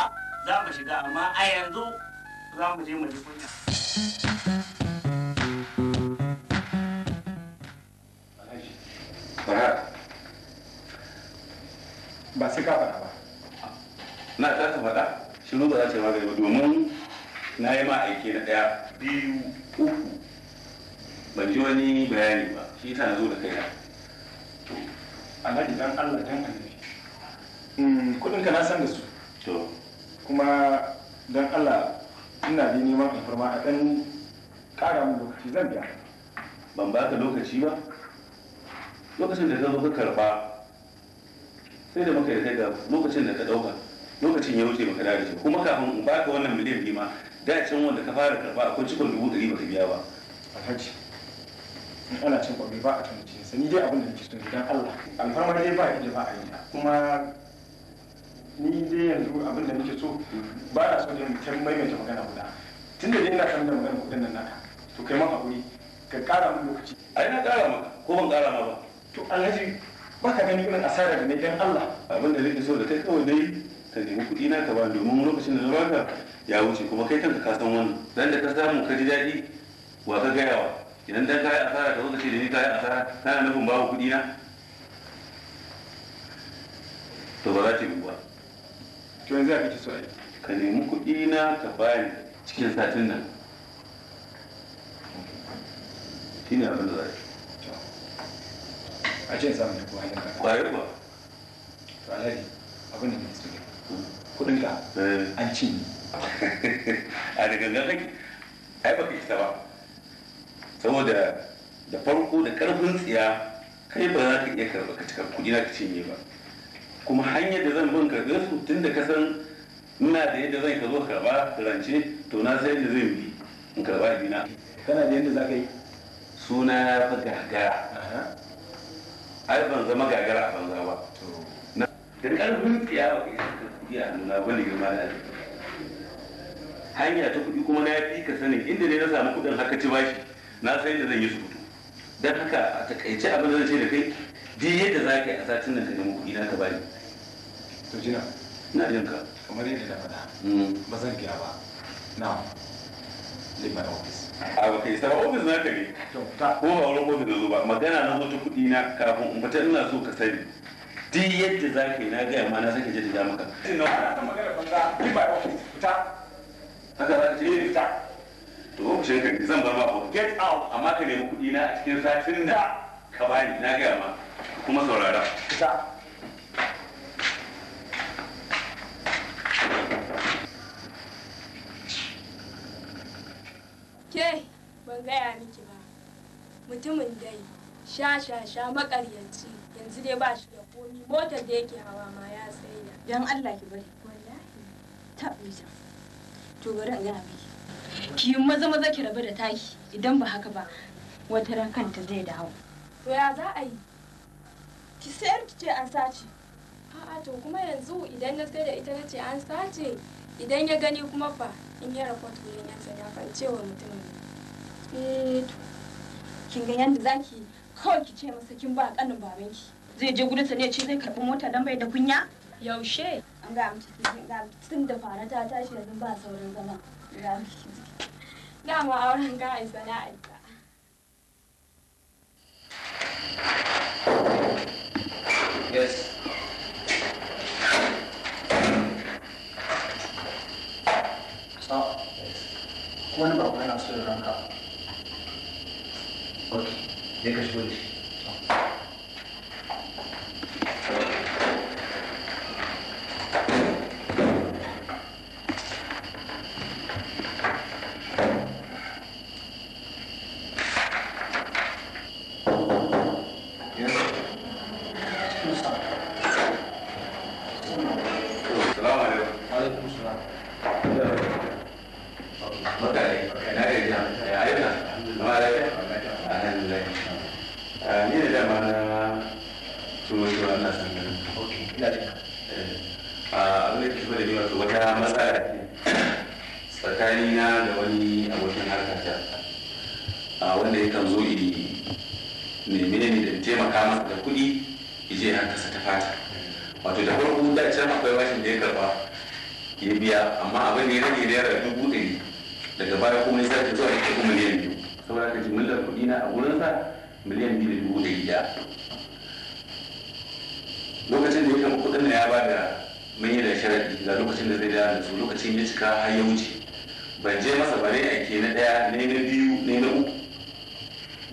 za mu shiga amma a yanzu za mu je mu ji kunya ba sai ka faɗa ba na ta ta faɗa shiru ba za ta yi magani ba domin na yi ma aiki na ɗaya biyu uku ban ji wani bayani ba shi ta zo da kaina alhaji dan allah dan Mm. kudin ka na san da su To. kuma don allah ina da neman farma a ɗan ƙara min lokaci zan biya ban ba ka lokaci ba lokacin da ka zo ka karba sai da muka yi da lokacin da ka ɗauka lokacin ya wuce maka dare kuma kafin in baka wannan miliyan biyu ma da can wanda ka fara karba akwai cikon dubu ɗari baka biya ba alhaji in ana cin kwabe ba a tunace sani dai abin da nake so idan allah alfarma dai ba inda ba a yi kuma ni zai yanzu abin da nake so ba na so da mai maimaita magana guda tun da dai ina san da magana guda nan naka to kai man hakuri ka kara min lokaci a ina kara maka ko ban kara ma ba to alhaji ba ka gani irin asara da na dan Allah abin da zai so da kai kawai dai ka nemi kuɗi na ka ba domin lokacin da na ka ya wuce kuma kai kanka ka san wannan dan da ka samu ka ji daɗi wa ka gaya wa idan dan yi asara da zo ka ce da ni yi asara kana nufin babu kuɗi na to ba za ta yi ba to yanzu ya kake so ai ka nemi kuɗi na ka bayan cikin satin nan ne abin da za a ce samun da kuwa yanka kwayar ba to alhari abin da ne su ne kuɗin ka an ci ne a daga gangan ai baka isa ba saboda da farko da karfin tsiya kai ba za ka iya karɓa ka cikar kuɗi na ka cinye ba kuma hanyar da zan bin karɓe su tun da ka san ina da yadda zan ka zo karɓa rance to na sai da zan bi in karɓa dina kana da yadda za ka yi suna ya fi gagara ai ban zama gagara a banza ba da ƙarfin tsiya ya nuna wani girma da hanya ta kuɗi kuma na fi ka sanin inda ne na samu kuɗin haka ci bashi na sai da zan yi su don haka a takaice abin da zan ce da kai duk yadda za ka yi a satin nan ka nemi kuɗi na ka bani to jina na jin ka kamar yadda da fada hmm. ba zan kira ba na leave my office a ba kai sa office na ka ne ko ba wani office da zo ba magana na zo ta kuɗi na kafin in fita ina so ka sani duk yadda za ka yi na gaya ma na sake je da ja maka. Ina ta magana banza leave my office fita. Haka za ka ce eh, fita. To ofishin ka ne zan bar ma Get out amma ka nemi kuɗi na a cikin satin nan. ka bani na gaya ma kuma saurara ke ban gaya miki ba mutumin dai sha sha sha makaryaci yanzu dai ba shi da komi motar da yake hawa ma ya tsaida dan Allah ki bari wallahi tabbita to bari in gaya miki ki maza maza ki rabu da taki idan ba haka ba wata ran kanta zai dawo to ya za a yi ki sayar ki ce an sace a'a to kuma yanzu idan na sai da ita na ce an sace idan ya gani kuma fa in ya rafa eh, to ya sanya fa cewa mutum eh kin ga yanda zaki kawai ki ce masa kin ba kanin babanki zai je gudansa ne ce zai karbi mota dan bai da kunya yaushe an ga amci ga tun da fara ta tashi yanzu ba sauran zama ga ma auren ga na sana'a Yes. Stop. Yes. One about when I stood around Okay. Make us wish. ina son ganin ina jin eh, abin da ke shigo da ni wato wata matsala ce tsakani na da wani abokin harka ta wanda kan zo iri ne neme ni da taimaka masa da kuɗi ije harkarsa ta fata wato da farko da can akwai bashin da ya karba ya biya amma abin da ya rage naira dubu ɗari daga baya kuma ya sake zuwa ya kuma miliyan biyu saboda haka jimillar kuɗi na a gurinsa miliyan biyu da dubu ɗari ɗaya lokacin da ya kudin da ya ba da yi da sharaɗi ga lokacin da zai dawo da su lokacin ya cika har ya wuce ban je masa bare ke na ɗaya ne na biyu ne na uku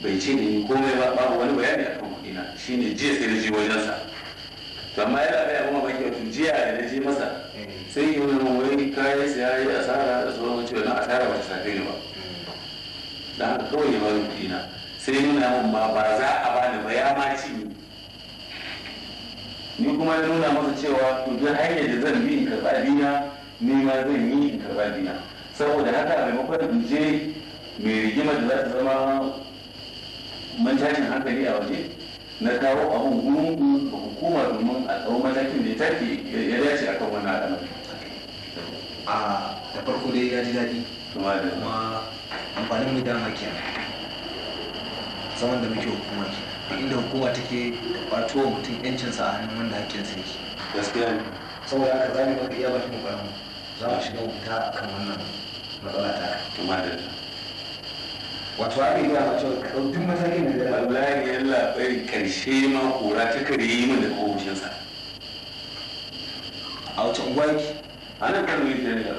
bai ce ni komai ba babu wani bayani a kan shi shine jiya sai na je wajensa to amma yana bai abin mamaki wato jiya da na je masa sai yi wani wani kayan siya ya asara da sauran wacce na asara ba ta safe ni ba da haka kawai ya bani kuɗina sai nuna mun ba ba za a bani ba ya ma ci ni kuma ya nuna masa cewa to duk hanyar da zan bi in karɓi dina ni ma zan yi in karɓi dina saboda haka a maimakon in je mai rigima da za ta zama mantashin hankali a waje na kawo abun gungun ga hukuma domin a tsawon matakin da ya take ya dace a kan wannan al'amari. a da farko dai ya ji daɗi kuma amfanin mu dama hakiya saman da muke hukuma kenan inda hukuma take da kwato wa mutum yancinsa a hannun wanda hakkin sa yake gaskiya ne saboda haka zamu baka iya ba kuma mu za mu shiga wuta akan wannan matsala ta kuma da wato a iya wato duk matakin da zai wallahi ya bai karshe ma kura ta kare yi min da kofin sa a wata unguwa yake a nan garin yake da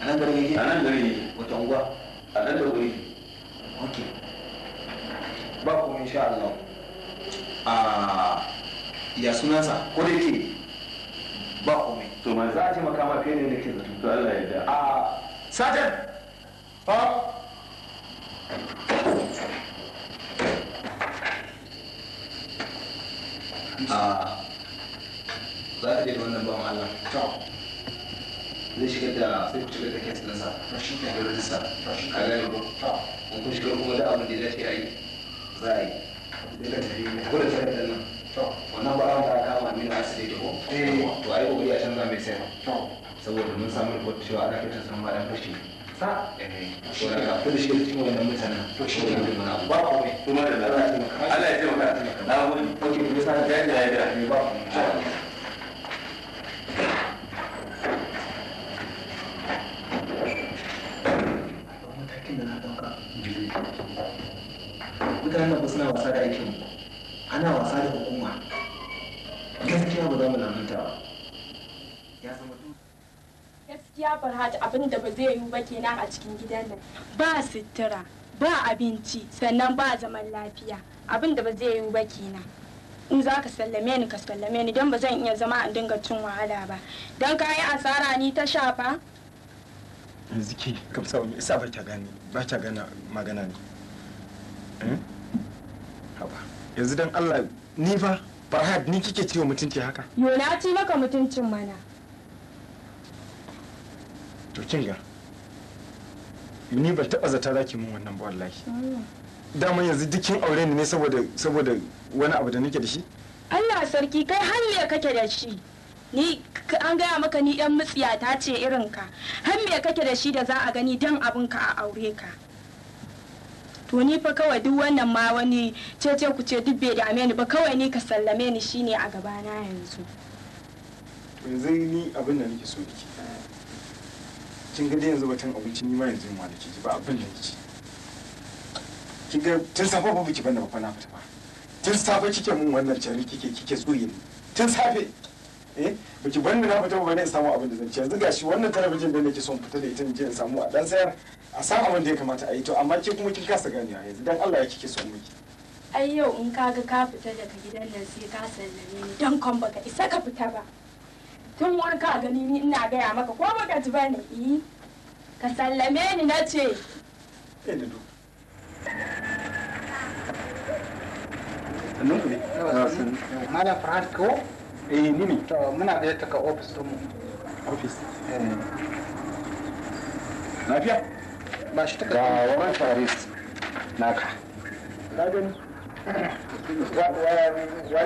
a nan garin yake a nan garin yake wata unguwa a nan da wuri ok ba kuma insha Allah a ya sunansa ko da ke ba kome to ma za a ce makama kai ne da ke zato to Allah ya da a sajan ha a za a daidai wannan bawan Allah to zai shiga da sai ku shiga da kes ɗinsa rashin da rajista rashin da gani ko in kun shiga kuma da abin da ya ce a yi za a yi dole ta yi gudun sai da nan wannan da aka kama canza mai sai saboda mun samu report cewa ana fitar san ma dan fashi sa eh da ka da shi cikin wannan mutanen to shi ne mun ba kuma da Allah ya Allah ya taimaka na gode okay mun san da ya ba mutanen nan suna wasa da aikin ana wasa da hukuma gaskiya ba za mu lamunta ba ya zama gaskiya farhat abin da ba zai yiwu ba kenan a cikin gidan nan ba sutura ba abinci sannan ba zaman lafiya abin da ba zai yiwu ba kenan in za ka sallame ni ka sallame ni don ba zan iya zama a dinga cin wahala ba don ka yi asara ni ta shafa ziki kamsa wani isa ba ta gani ba ta gana magana ne eh? haba yanzu dan Allah ni fa Farhad ni kike ciwo mutunci haka yo na ci maka mutuncin mana to kin ga ni ba taba zata zaki mun wannan ba wallahi mm. dama yanzu dukin aure ne saboda saboda wani abu da nake da shi Allah sarki kai har me kake da shi ni an gaya maka ni dan mutsiya ta ce irin ka har me kake da shi da za a gani dan abinka a aure ka to ni fa kawai duk wannan ma wani cece ku ce duk bai dame ni ba kawai ni ka sallame ni shine a gaba na yanzu yanzu ni abin da nake so ki kin ga yanzu batun abinci ni ma yanzu ma da ki ba abin da ki kin ga tun safa ba biki banda ba fa na fita ba tun safe kike mun wannan cari kike kike tsoye tun safe eh biki banda na fita ba ne in samu abin da zan ci yanzu gashi wannan talabijin da nake son fita da ita in je in samu a dan sayar a san abin da ya kamata a yi to amma ke kuma kin kasa gani a yanzu dan Allah ya kike son miki ai yau in kaga ka fita daga gidan nan sai ka sallame ni dan kon baka isa ka fita ba tun wani ka gani ni ina gaya maka ko baka ji bane eh ka sallame ni na ce eh dudu eh ne to muna da ka ofis din mu office eh. lafiya ba shi takarda ga wani faris naka wani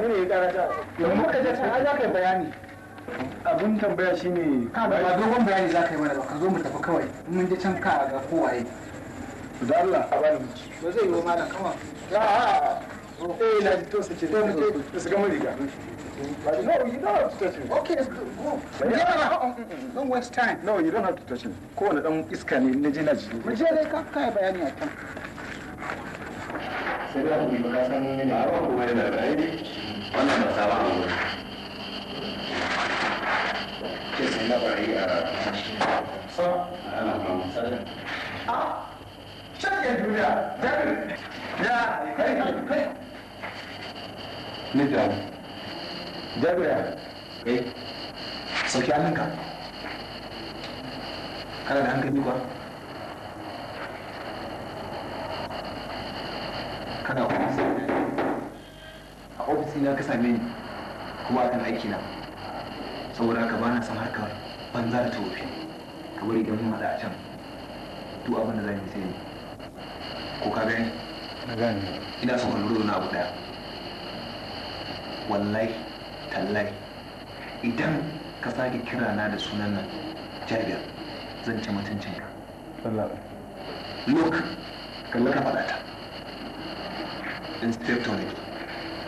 ne ya muka je can za ka yi bayani abin tambaya ka ba dogon bayani za ka yi mana ba ka zo mu tafi kawai mun je can ka ga kowaye da Allah a bani ba zai yi wa malam a'a eh, na to to su ga mu riga Like, no, you don't have to touch me. Okay, go. Yeah. Don't waste time. No, you don't have to touch me. Kowane ɗan iska ne na je na ji. Mu je dai ka kai bayani a kan. Sai da mu ka san ne ba ko kuma yana da aidi. Wannan ba saba ne. Ke sai na bari a sa ana kan sada. Ah. Shakke duniya. Jami. Ya, kai kai. jabira kai eh, sauki hannunka kana da hankali kuwa kana ofis a ofis na ka same ni kuma akan aiki na saboda haka bana son harkar banza da tofi ka bari idan mun haɗa a can duk abin da za mu sai ko ka gani na gani ina son lura na abu daya wallahi tallahi idan ka sake kira na da sunan nan jabir zan ci ka. look kalla ka faɗa ta inspector ne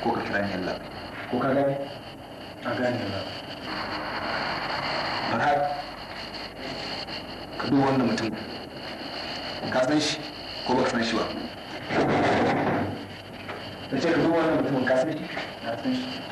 ko ka kira ni Allah ko ka gane a gane Allah Farhad ka duba wannan mutum ka san shi ko ba ka san shi ba da ce ka duba wannan mutumin ka san shi san shi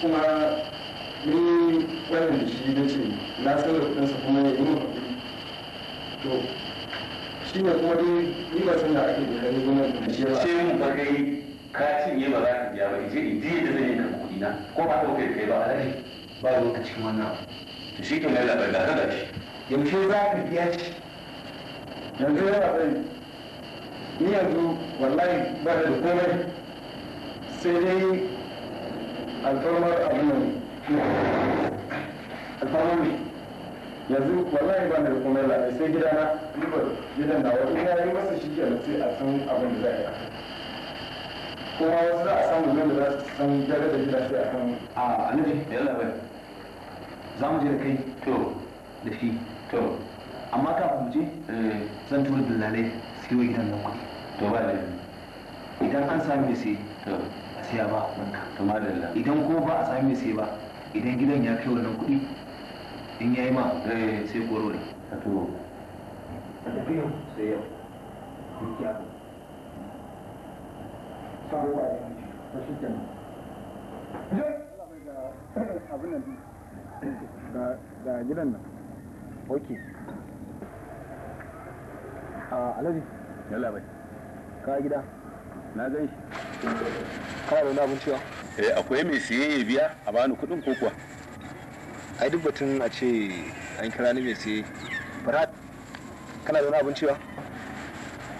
kuma ni wani shi na ce na san da kudinsa kuma ya yi min kuɗi to shi ne kuma dai ni ba san da ake da kare gwamnati da shi ba ce mun ba kai ka cinye ba za ka biya ba je in je da zan yi kan kuɗi na ko ba ka kai ba alaji ba ruwan ka cikin wannan abu to shi kenan labai da hada shi yaushe za ka biya shi yanzu yana zai ni yanzu wallahi ba da komai sai dai alfarmar abu alfarmar yanzu wallahi ba da kuma lalai sai gida na ribar gidan na wani ya yi masa shi sai a san abin da za a yi kuma wasu za a samu zai da za su san gare da gida sai a kan a alaji da yalla bai za mu je da kai to da shi to amma k'a mu je eh, zan tura dillalai sai wa gidan nan kuɗi to ba da idan an sami sai to siya ba kamar da idan ko ba a sami sai ba idan gidan ya kai wannan kuɗi in yayi ma eh, sai goro ne to sai yau ga gidan nan ok a ah, alaji yalla bai ka gida na gan shi kana da wani abin cewa eh akwai mai siye ya biya a bani kuɗin ko kuwa ai duk batun a ce an kira ni mai siye farhat kana da wani abin cewa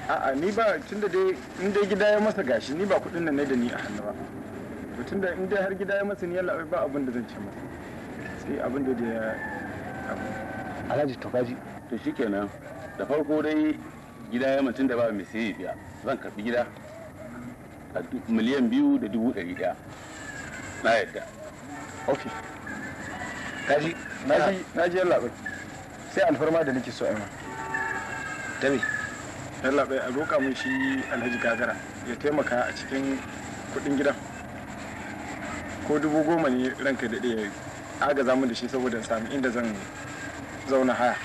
a'a ni ba tunda dai in dai gida ya masa gashi ni ba kuɗin nan ne da ni a hannu ba to tunda in dai har gida ya masa ni yalla ba abin da zan ce masa sai abin da ya alhaji to kaji to shikenan da farko dai gida ya mutum da ba mai siye biya zan karbi gida miliyan biyu da dubu ɗari ɗaya na yadda ok kaji na ji yalla bai sai alfarma da nake so a ma tabi yalla bai a roƙa mun shi alhaji gagara ya taimaka a cikin kuɗin gidan ko dubu goma ne ranka da ɗaya agaza mun da shi saboda sami inda zan zauna haya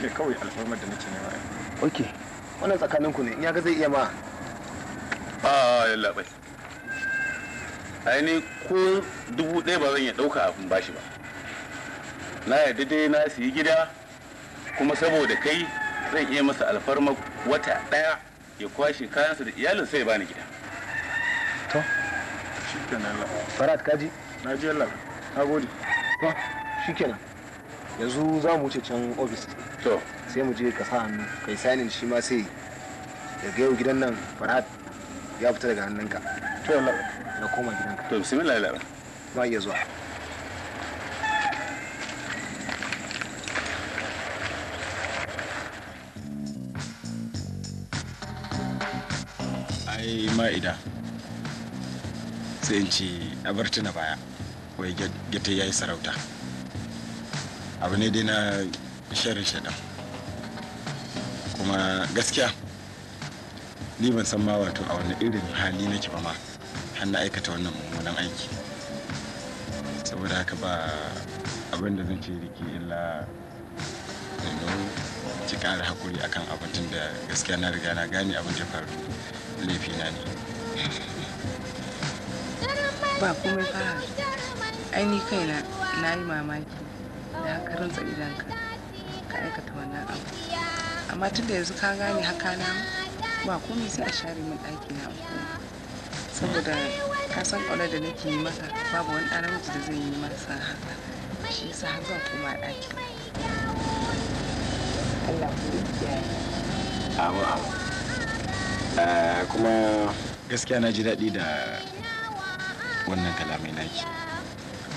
shi kawai alfarmar da nake nema ok wannan tsakaninku ne in ya ga zai iya ma a yalla bai ko dubu ɗaya ba zan iya ɗauka abin bashi ba na yarda dai na siyi gida kuma saboda kai zan iya masa alfarma wata ɗaya ya kwashe kayansa da iyalin sai ya bani gida to shi kenan farat kaji na ji yalla na gode to shi yanzu za mu wuce can ofis to sai mu je ka sa hannu kai sanin shi ma sai ya yau gidan nan farat ya fita daga hannunka to na koma gidanka to bismillah ila ba iya zuwa ai ma'ida sai in ci abar na baya wai gata ya yi sarauta abu ne dai na sharin shaɗa kuma gaskiya ni ban san ma wato a wani irin hali nake ba ma har na aikata wannan mummunan aiki saboda haka ba abin da zan ce riki illa zano ci ƙara hakuri akan abin da gaskiya na riga na gane abin da faru laifi na ne ba komai fa aini kaina na yi mamaki da haka rantsa idanka ka aikata wannan abu amma tun da yanzu ka gane haka na mu ba komai sai a share min ɗaki na saboda ka san ƙaunar da nake yi maka babu wani ɗan namiji da zai yi masa haka shi yasa har zan koma ɗaki Allah ku kiyaye ah, kuma gaskiya na ji daɗi da wannan kalamai naki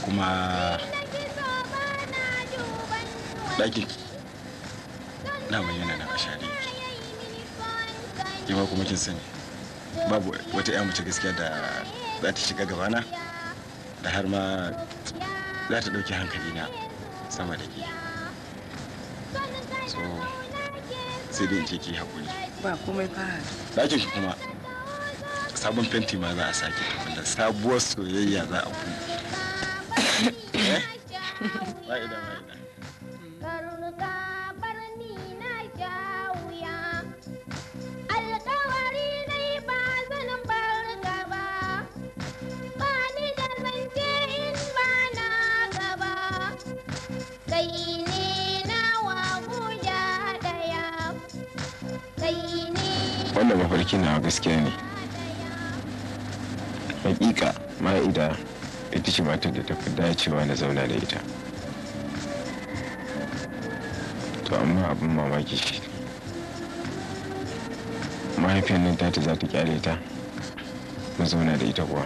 kuma ɗaki na bayyana na a ke ma kuma kin sani babu wata ya mace gaskiya da za ta shiga gabana da har ma za ta ɗauki hankali na sama da ke so sai dai in ce ki haƙuri ba komai fara ɗakin shi kuma sabon fenti ma za a sake wanda sabuwar soyayya za a kuma eh? ba idan da mafarki na gaskiya ne hakika ma'ida ita ce matar da ta fi dacewa na zauna da ita to amma abin mamaki shi mahaifiyar nan ta za ta kyale ta na zauna da ita kuwa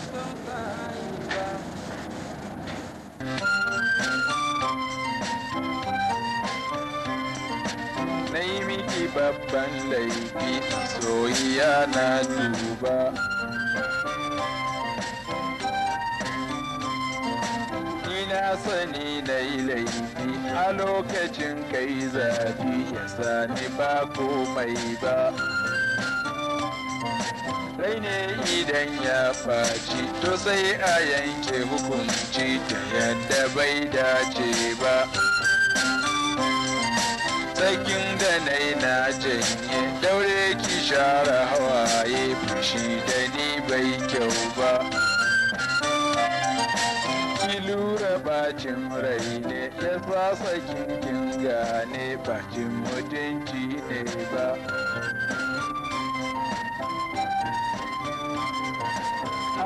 nai miki babban laifi soyayya na duba Ina sani na yi laifi a lokacin kai zafi ya sani ba komai ba Sai ne idan ya faci to sai a yanke hukunci da yadda bai dace ba. sakin da na yi na janye daure ki share hawaye fushi da ni bai kyau ba ki lura bacin rai ne ya sa sakin gane bacin mutunci ne ba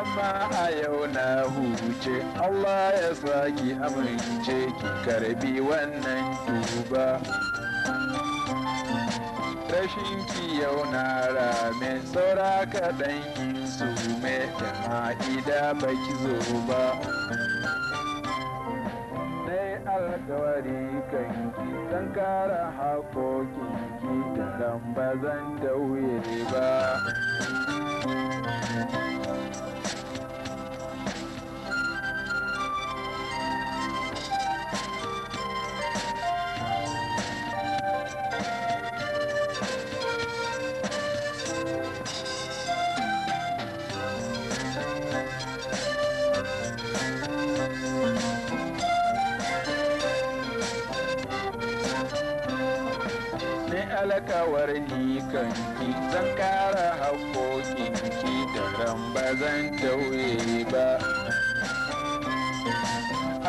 amma a yau na huce Allah ya sa ki amince ki karbi wannan duba. rashin ki yau na ramen saura kaɗan ki su me jama'i da baki zo ba. Dai alkawari kan ki san kara haƙoƙin ki da ba zan wuye ba. kawar ki zan kara ki da ran ba zan tauye ba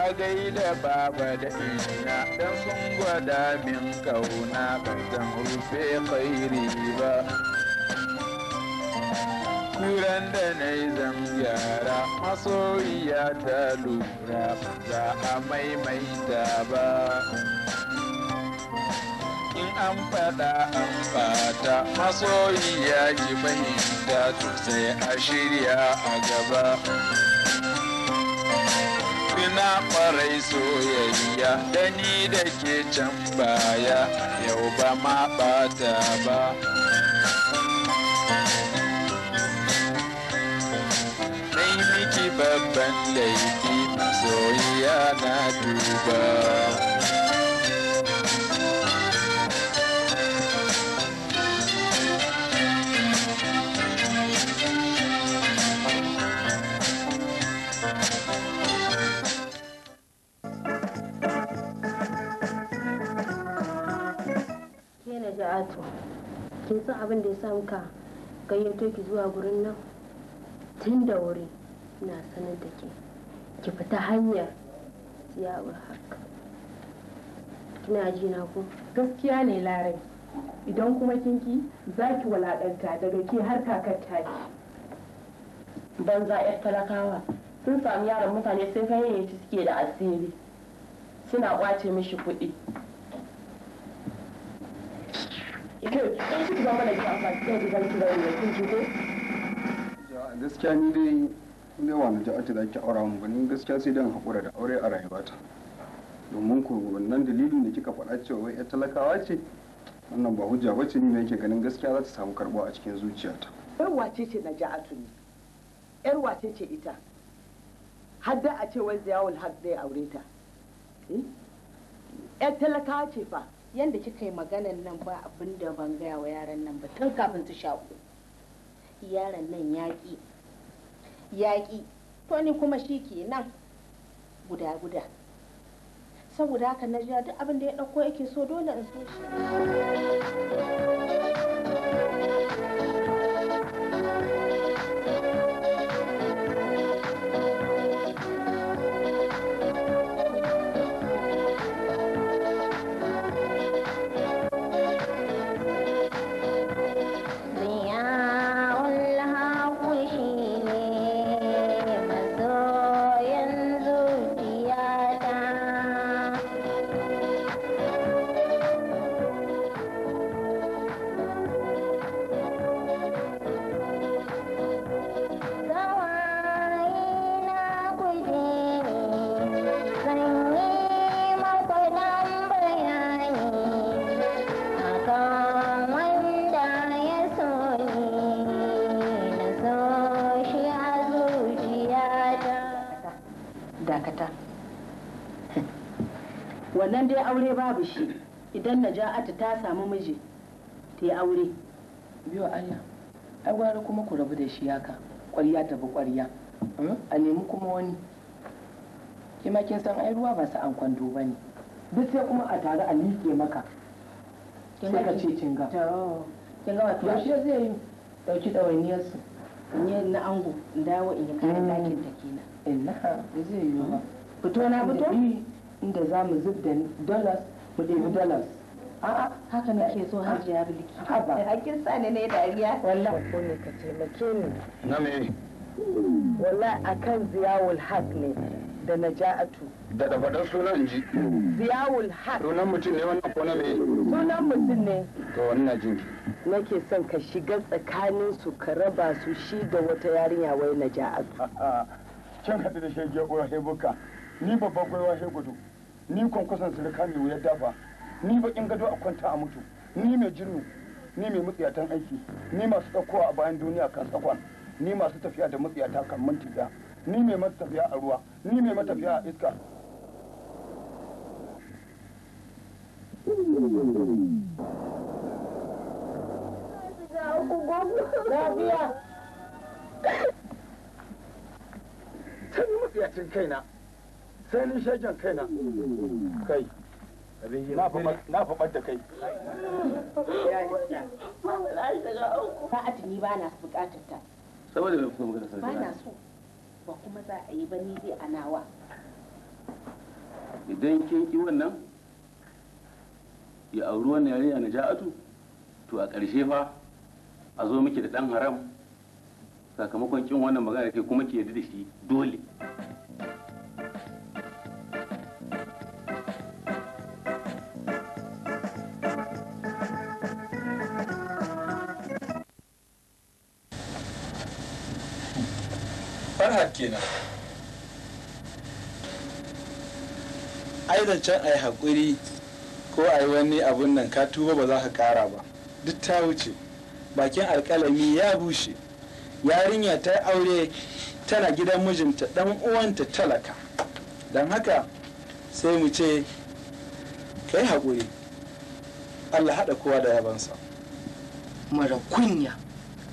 a gaida baba da ina dan sun gwada min kauna ba zan rufe kairi ba kuran da na yi zangara masoyiya ta lura ba za a maimaita ba in an faɗa an fata masoyiya ki fahimta to sai a shirya a gaba Kuna farai soyayya da ni da ke can baya yau ba ma bata ba Nai miki babban laifi soyayya na duba kin san abin da ya sa muka gayyato ki zuwa gurin nan tun da wuri na sanar da ke ki fita hanyar siyawar haka kina ji na ku gaskiya ne larai idan kuma kinki za ki walaɗanta daga ke har kakar ban za yar talakawa sun sami yaran mutane sai fayyace suke da asiri suna kwace mishi kuɗi gaskiya ni dai ne wa na ja'atu da ake aura mu ganin gaskiya sai dan haƙura da aure a rayuwata domin ku wannan dalilin da kika faɗa cewa wai ƴar talakawa ce wannan ba hujja ba ce ni ne yake ganin gaskiya za ta samu karɓuwa a cikin zuciyata Yar wace ce na ja'atu ne ƴar wace ce ita har da a ce wai ziyawul har zai aure ta hmm? ƴar talakawa ce fa yanda kika yi maganan nan ba abin da ban gaya wa yaran nan ba tun kafin su shaku yaran nan yaƙi yaƙi to ni kuma shi ke nan guda guda saboda haka na jiya duk abin da ya ɗauko yake so dole in so shi babu shi idan na naja'atu ta samu miji ta yi aure biyo Allah ai gwara kuma ku rabu da shi haka ƙwarya ta bi ƙwarya hmm? a nemi kuma wani kima kin san ai ruwa ba su an kwando ba ne duk sai kuma a tare a liƙe maka sai ka ce cinga kin ga wato yaushe zai yi dauki ɗawainiyar su na ango in dawo in yi kayan hmm. ɗakin ta kenan inna ba zai yi ba hmm. fito na fito inda za mu zub da dollars ku ɗebi dalas haka ke so ah, ya bilki hakin sa ne ne dariya wallahi ko ne ka taimake ni na me wallahi akan ziyawul haq ne da naja'atu da da faɗar sunan ji ziyawul haq sunan mutum ne wannan ko na me sunan mutum ne to wannan jin nake son ka shiga tsakanin su ka raba su shi da wata yarinya wai naja'atu can ka da shege ko buka ni babban kowa he gudu ni su sirka mai wuyar dafa ni bakin gado a kwanta a mutu ni mai jinu ni mai mutsiyatan aiki ni masu ɗaukowa a bayan duniya kan tsakon ni masu tafiya da mutsiyata kan minti ɗaya ni mai matafiya a ruwa ni mai matafiya a iska Lafiya. Sai mutsiyacin kaina. sai ni shagen kaina kai na faɓar da kai a tuni ba na bukatar ta saboda mai kuma magana ba na so ba kuma za a yi ba ni dai a nawa idan kin ki wannan ya auri wannan yare na ja'atu to a ƙarshe fa a zo miki da ɗan haram sakamakon kin wannan magana ke kuma ki yadda da shi dole kenan ai zancen a yi haƙuri ko a wani abun nan ka tuba ba za ka ƙara ba duk ta wuce bakin alƙalami ya bushe yarinya ta aure tana gidan mijinta ɗan uwanta talaka don haka sai mu ce ka yi haƙuri allah haɗa kowa da yabansa mara kunya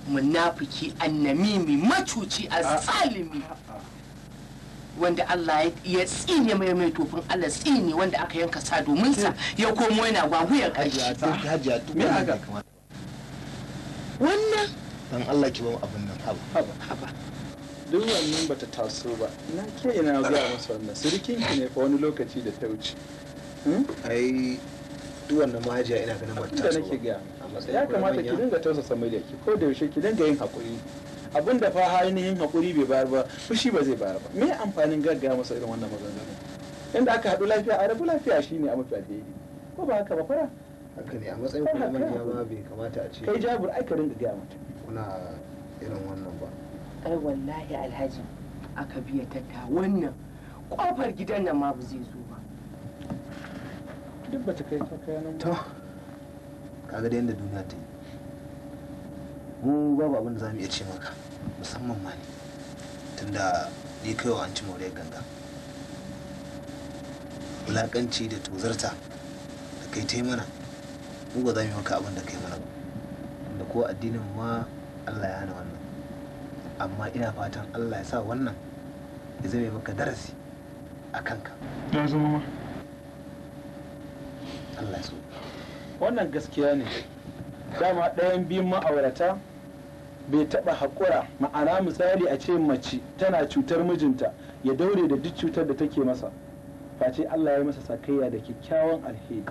munafiki annamimi macuci azalimi wanda Allah ya tsine mai mai tofin Allah tsine wanda aka yanka sa domin sa ya komo yana gwaguyar kashi wannan dan Allah ki bamu abin nan haba haba haba duk wannan bata taso ba na ke ina ga masa wannan sirkin ki ne fa wani lokaci da ta wuce hmm? ai duk wannan mahajiya ina ganin bata taso ba ya kamata ki dinga tausasa muryarki ko da yaushe ki dinga yin hakuri abin da fa ainihin hakuri bai bayar ba fushi ba zai bayar ba me amfanin gaggaya masa irin wannan maganganu inda aka haɗu lafiya a rabu lafiya shine a mafi alheri ko ba haka ba fara haka ne a matsayin kuma manya ma bai kamata a ce kai jabir ai ka dinga gaya mutum kuna irin wannan ba ai wallahi alhaji aka biya tatta wannan kofar gidan nan ma ba zai zo ba duk bata kai ta nan ba. kaga da yadda duniya ta yi mu babu abin da za mu iya ce maka musamman ma ne tunda ni kaiwa an ci moriyar ganga wulaƙanci da tozarta da kai ta yi mana mu ba za mu yi maka abin da kai mana ba tunda ko addinin ma Allah ya hana wannan amma ina fatan Allah ya sa wannan ya zama maka darasi a kanka ya zama ma Allah ya so wannan gaskiya ne dama ɗayan biyun ma'aurata bai taɓa haƙura ma'ana misali a ce mace tana cutar mijinta ya daure da duk cutar da take masa face Allah ya masa sakayya da kyakkyawan alheri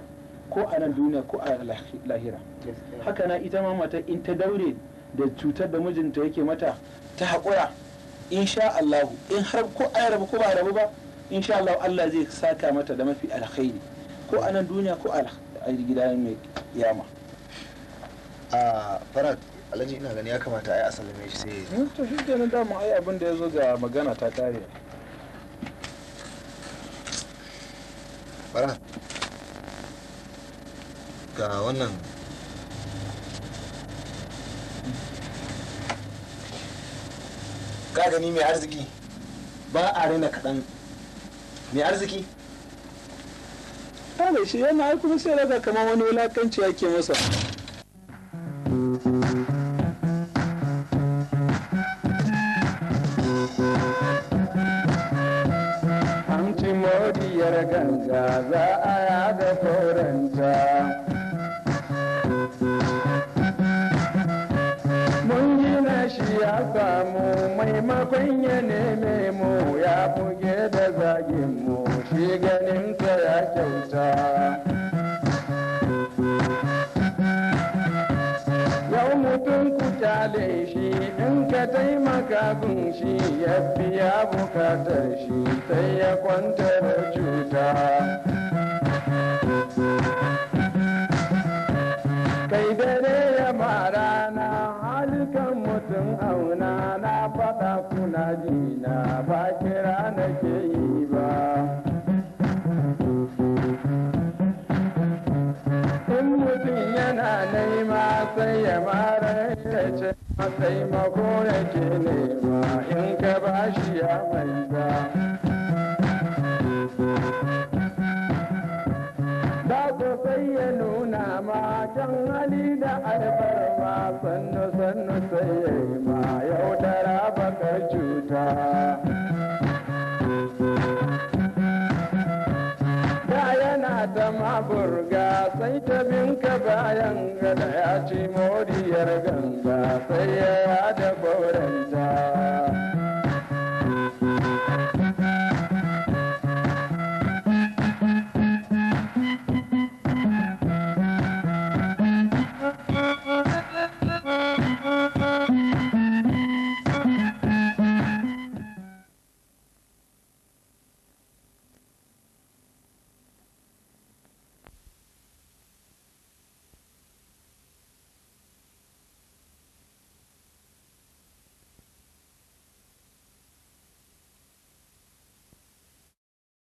ko a nan duniya ko a lahira haka na ita ma mata in ta daure da cutar da mijinta yake mata ta haƙura insha Allah in har ko a rabu ko ba rabu ba insha Allah Allah zai saka mata da mafi alkhairi ko a nan duniya ko a a gida mai kiyama a farad alhaji ina gani ya kamata a yi asalin mai sai to shi kenan dama ai abin da ya zo ga magana ta kare farad ga wannan ka gani mai arziki ba a raina kaɗan mai arziki kare shi yana ai kuma sai daga kamar wani wulakanci yake masa Amci moriyar ganga za a yaga koranta. nashi, ya samu maimakon ya neme mu ya buge da zagin mu shi ganin ta ya kyauta yau mutum ku tale shi in ka taimaka bin shi ya biya bukatar shi sai ya kwantar cuta taimako yake nema in ka bashi ya maida da sai ya nuna ma can hali da albarma sannu sannu sai ya yi ma yau tara bakar cuta da yana ta maburga sai ta binka bayan gada ya ci moriyar ganga